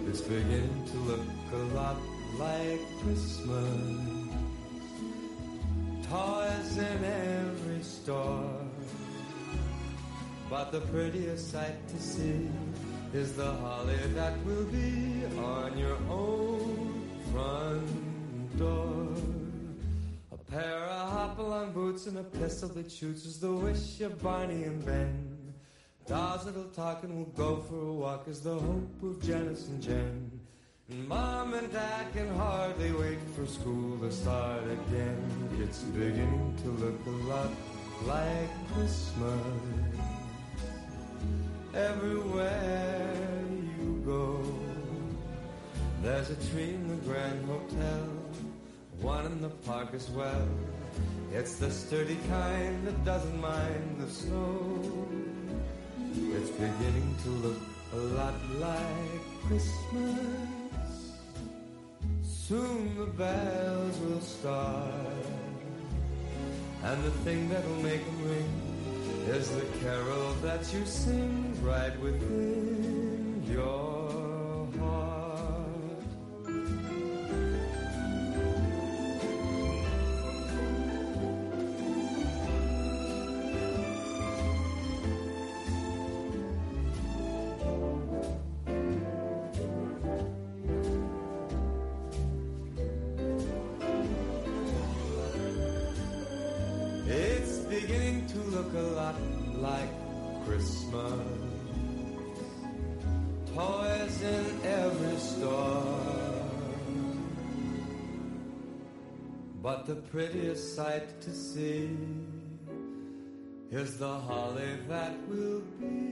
It's beginning to look a lot like Christmas. Toys in every store. But the prettiest sight to see is the holly that will be on your own front door. A pair of hopalong boots and a pistol that shoots is the wish of Barney and Ben. Dolls that'll talk and will go for a walk is the hope of Janice and Jen. Mom and Dad can hardly wait for school to start again. It's beginning to look a lot like Christmas everywhere you go. There's a tree in the Grand Hotel, one in the park as well. It's the sturdy kind that doesn't mind the snow. It's beginning to look a lot like Christmas Soon the bells will start And the thing that'll make them ring Is the carol that you sing Right within your the prettiest sight to see is the holly that will be.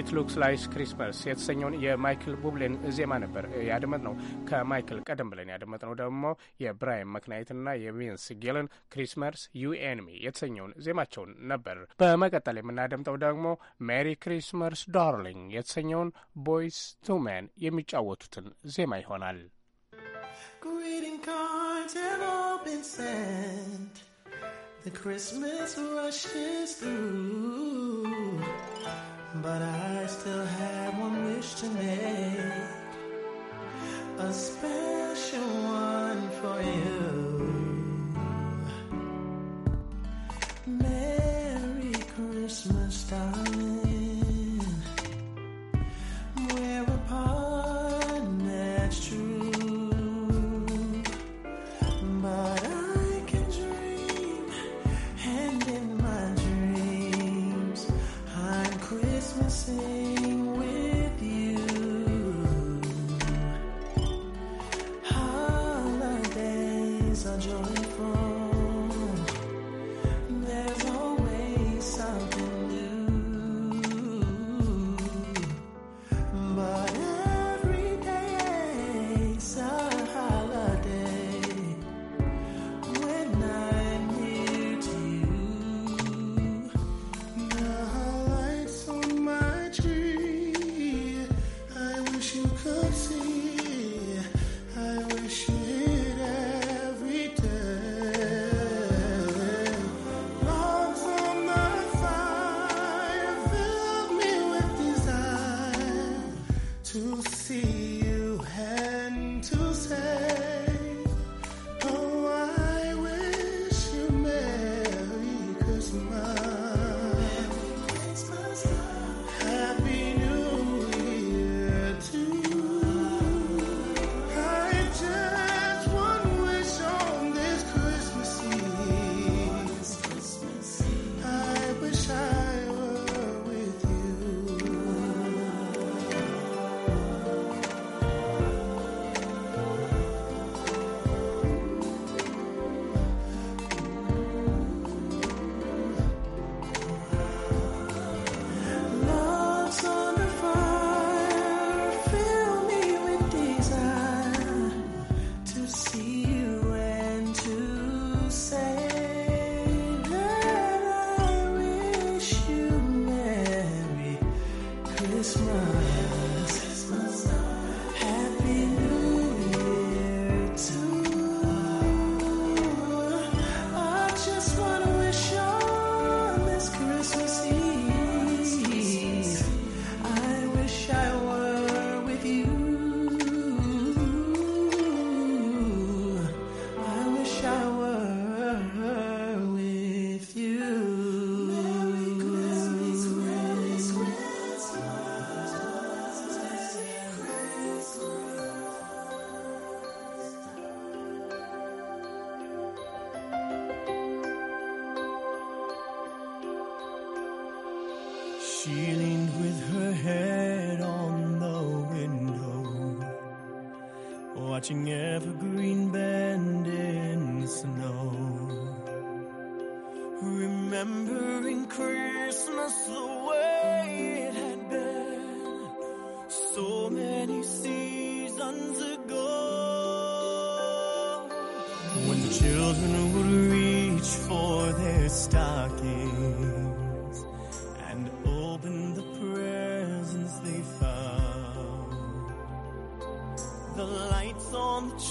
ኢት ሉክስ ላይክ ክሪስመስ የተሰኘውን የማይክል ቡብሌን ዜማ ነበር ያደመጥ ነው። ከማይክል ቀደም ብለን ያደመጥ ነው ደግሞ የብራይን መክናይትና የቪንስ ጌልን ክሪስመስ ዩኤንሚ የተሰኘውን ዜማቸውን ነበር። በመቀጠል የምናደምጠው ደግሞ ሜሪ ክሪስመስ ዳርሊንግ የተሰኘውን ቦይስ ቱ ሜን የሚጫወቱትን ዜማ ይሆናል። The Christmas rushes through. But I still have one wish to make a special one for you.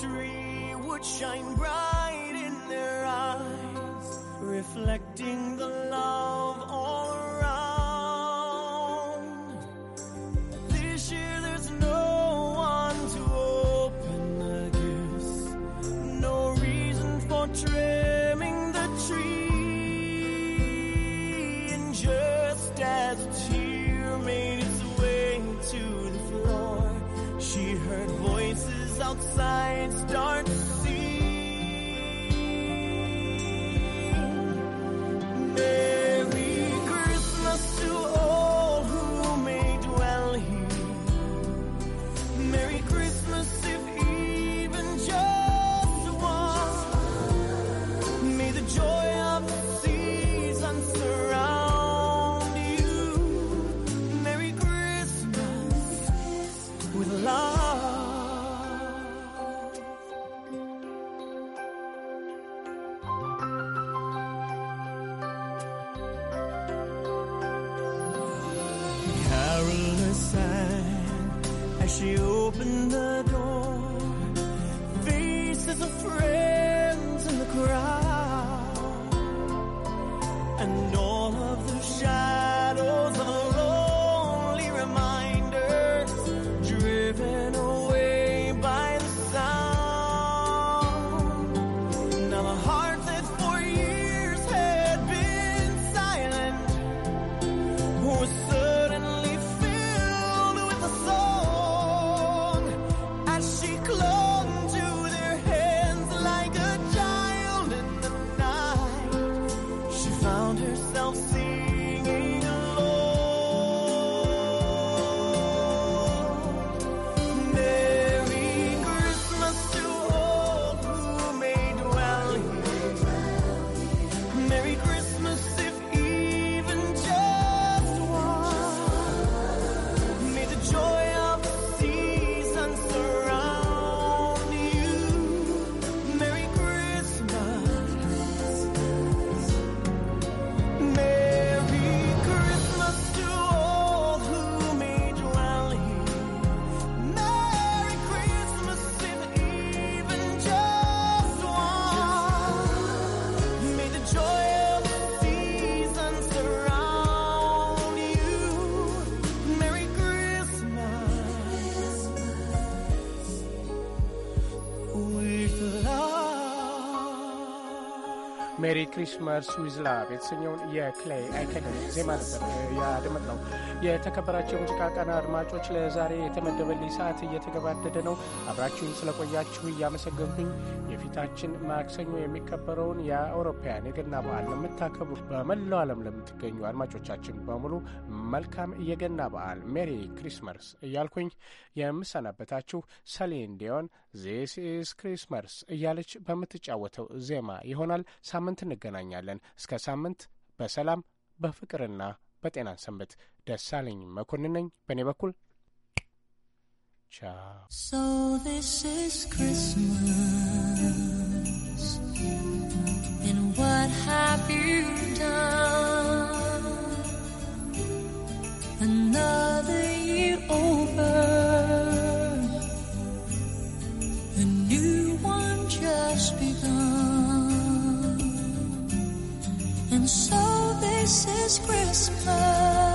tree would shine bright in their eyes, reflecting the love all around. This year there's no one to open the gifts, no reason for trimming the tree. And just as a tear made its way to the floor, she heard voices outside dark ሜሪ ክሪስማስ ዊዝ ላቭ የተሰኘውን የክሌይ አይከደን ዜማ ነበር eh, ነው። የተከበራቸው የሙዚቃ ቀና አድማጮች፣ ለዛሬ የተመደበልኝ ሰዓት እየተገባደደ ነው። አብራችሁን ስለቆያችሁ እያመሰገንኩኝ የፊታችን ማክሰኞ የሚከበረውን የአውሮፓውያን የገና በዓል ለምታከብሩ በመላው ዓለም ለምትገኙ አድማጮቻችን በሙሉ መልካም የገና በዓል ሜሪ ክሪስመርስ እያልኩኝ የምሰናበታችሁ ሰሊን ዲዮን ዚስ ኢዝ ክሪስመርስ እያለች በምትጫወተው ዜማ ይሆናል። ሳምንት እንገናኛለን። እስከ ሳምንት በሰላም በፍቅርና በጤና ሰንበት። ደሳለኝ መኮንን ነኝ በእኔ በኩል Christmas. And what have you done? Another year over, a new one just begun. And so this is Christmas.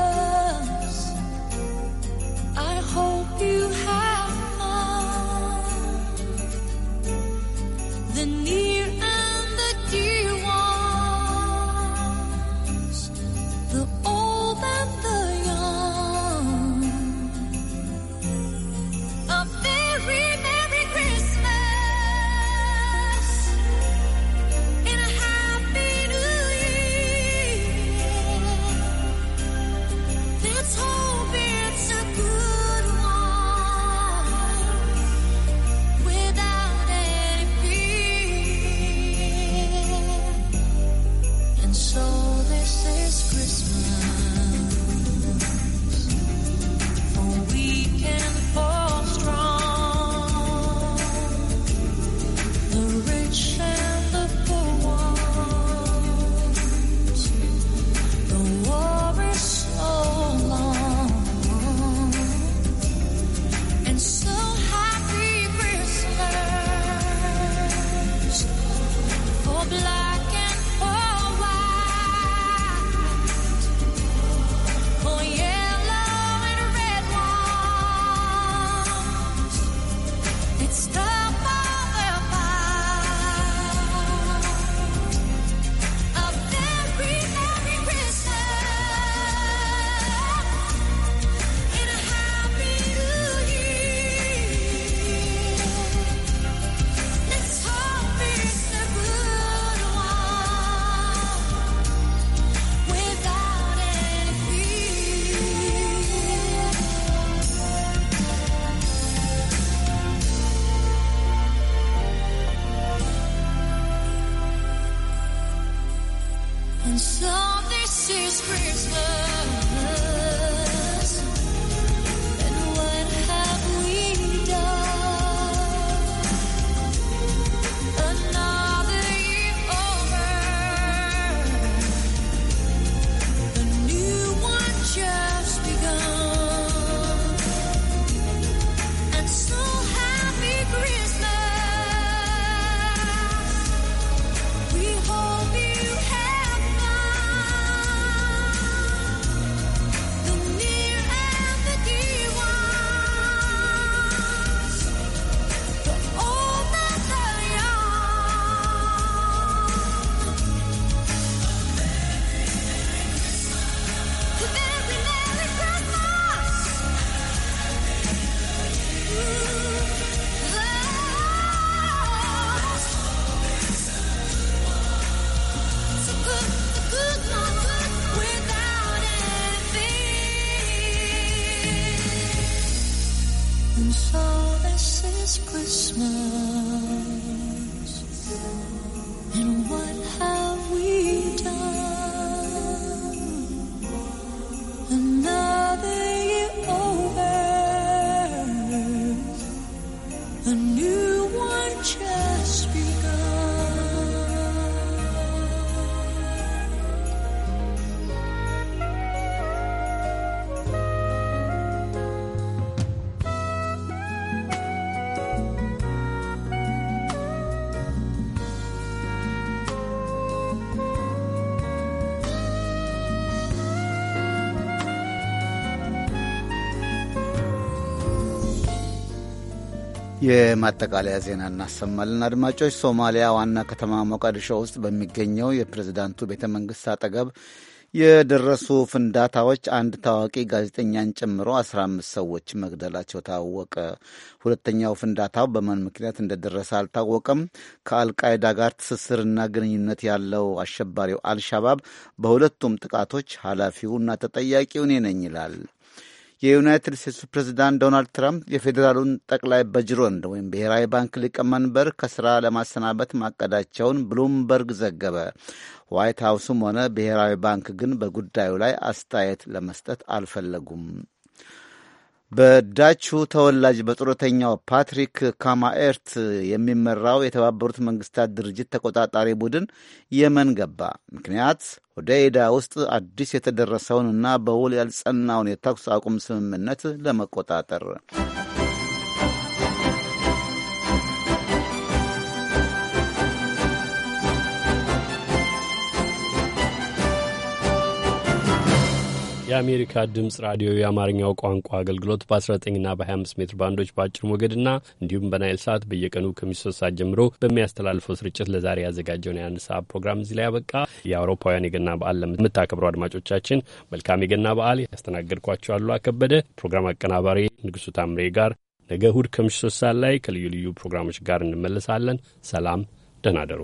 የማጠቃለያ ዜና እናሰማለን አድማጮች። ሶማሊያ ዋና ከተማ ሞቃዲሾ ውስጥ በሚገኘው የፕሬዝዳንቱ ቤተ መንግሥት አጠገብ የደረሱ ፍንዳታዎች አንድ ታዋቂ ጋዜጠኛን ጨምሮ 15 ሰዎች መግደላቸው ታወቀ። ሁለተኛው ፍንዳታው በማን ምክንያት እንደደረሰ አልታወቀም። ከአልቃይዳ ጋር ትስስርና ግንኙነት ያለው አሸባሪው አልሻባብ በሁለቱም ጥቃቶች ኃላፊውና ተጠያቂው እኔ ነኝ ይላል። የዩናይትድ ስቴትስ ፕሬዚዳንት ዶናልድ ትራምፕ የፌዴራሉን ጠቅላይ በጅሮንድ ወይም ብሔራዊ ባንክ ሊቀመንበር ከስራ ለማሰናበት ማቀዳቸውን ብሉምበርግ ዘገበ። ዋይት ሀውስም ሆነ ብሔራዊ ባንክ ግን በጉዳዩ ላይ አስተያየት ለመስጠት አልፈለጉም። በዳቹ ተወላጅ በጡረተኛው ፓትሪክ ካማኤርት የሚመራው የተባበሩት መንግስታት ድርጅት ተቆጣጣሪ ቡድን የመን ገባ። ምክንያት ሆዴይዳ ውስጥ አዲስ የተደረሰውንና በውል ያልጸናውን የተኩስ አቁም ስምምነት ለመቆጣጠር የአሜሪካ ድምፅ ራዲዮ የአማርኛው ቋንቋ አገልግሎት በ19ና በ25 ሜትር ባንዶች በአጭር ሞገድና እንዲሁም በናይል ሰዓት በየቀኑ ከምሽቱ ሰዓት ጀምሮ በሚያስተላልፈው ስርጭት ለዛሬ ያዘጋጀውን የአንድ ሰዓት ፕሮግራም እዚህ ላይ ያበቃ። የአውሮፓውያን የገና በዓል ለምታከብረው አድማጮቻችን መልካም የገና በዓል። ያስተናገድኳቸው አሉ አከበደ ፕሮግራም አቀናባሪ ንጉሱ ታምሬ ጋር ነገ እሁድ ከምሽቱ ሶስት ሰዓት ላይ ከልዩ ልዩ ፕሮግራሞች ጋር እንመለሳለን። ሰላም፣ ደህና ደሩ።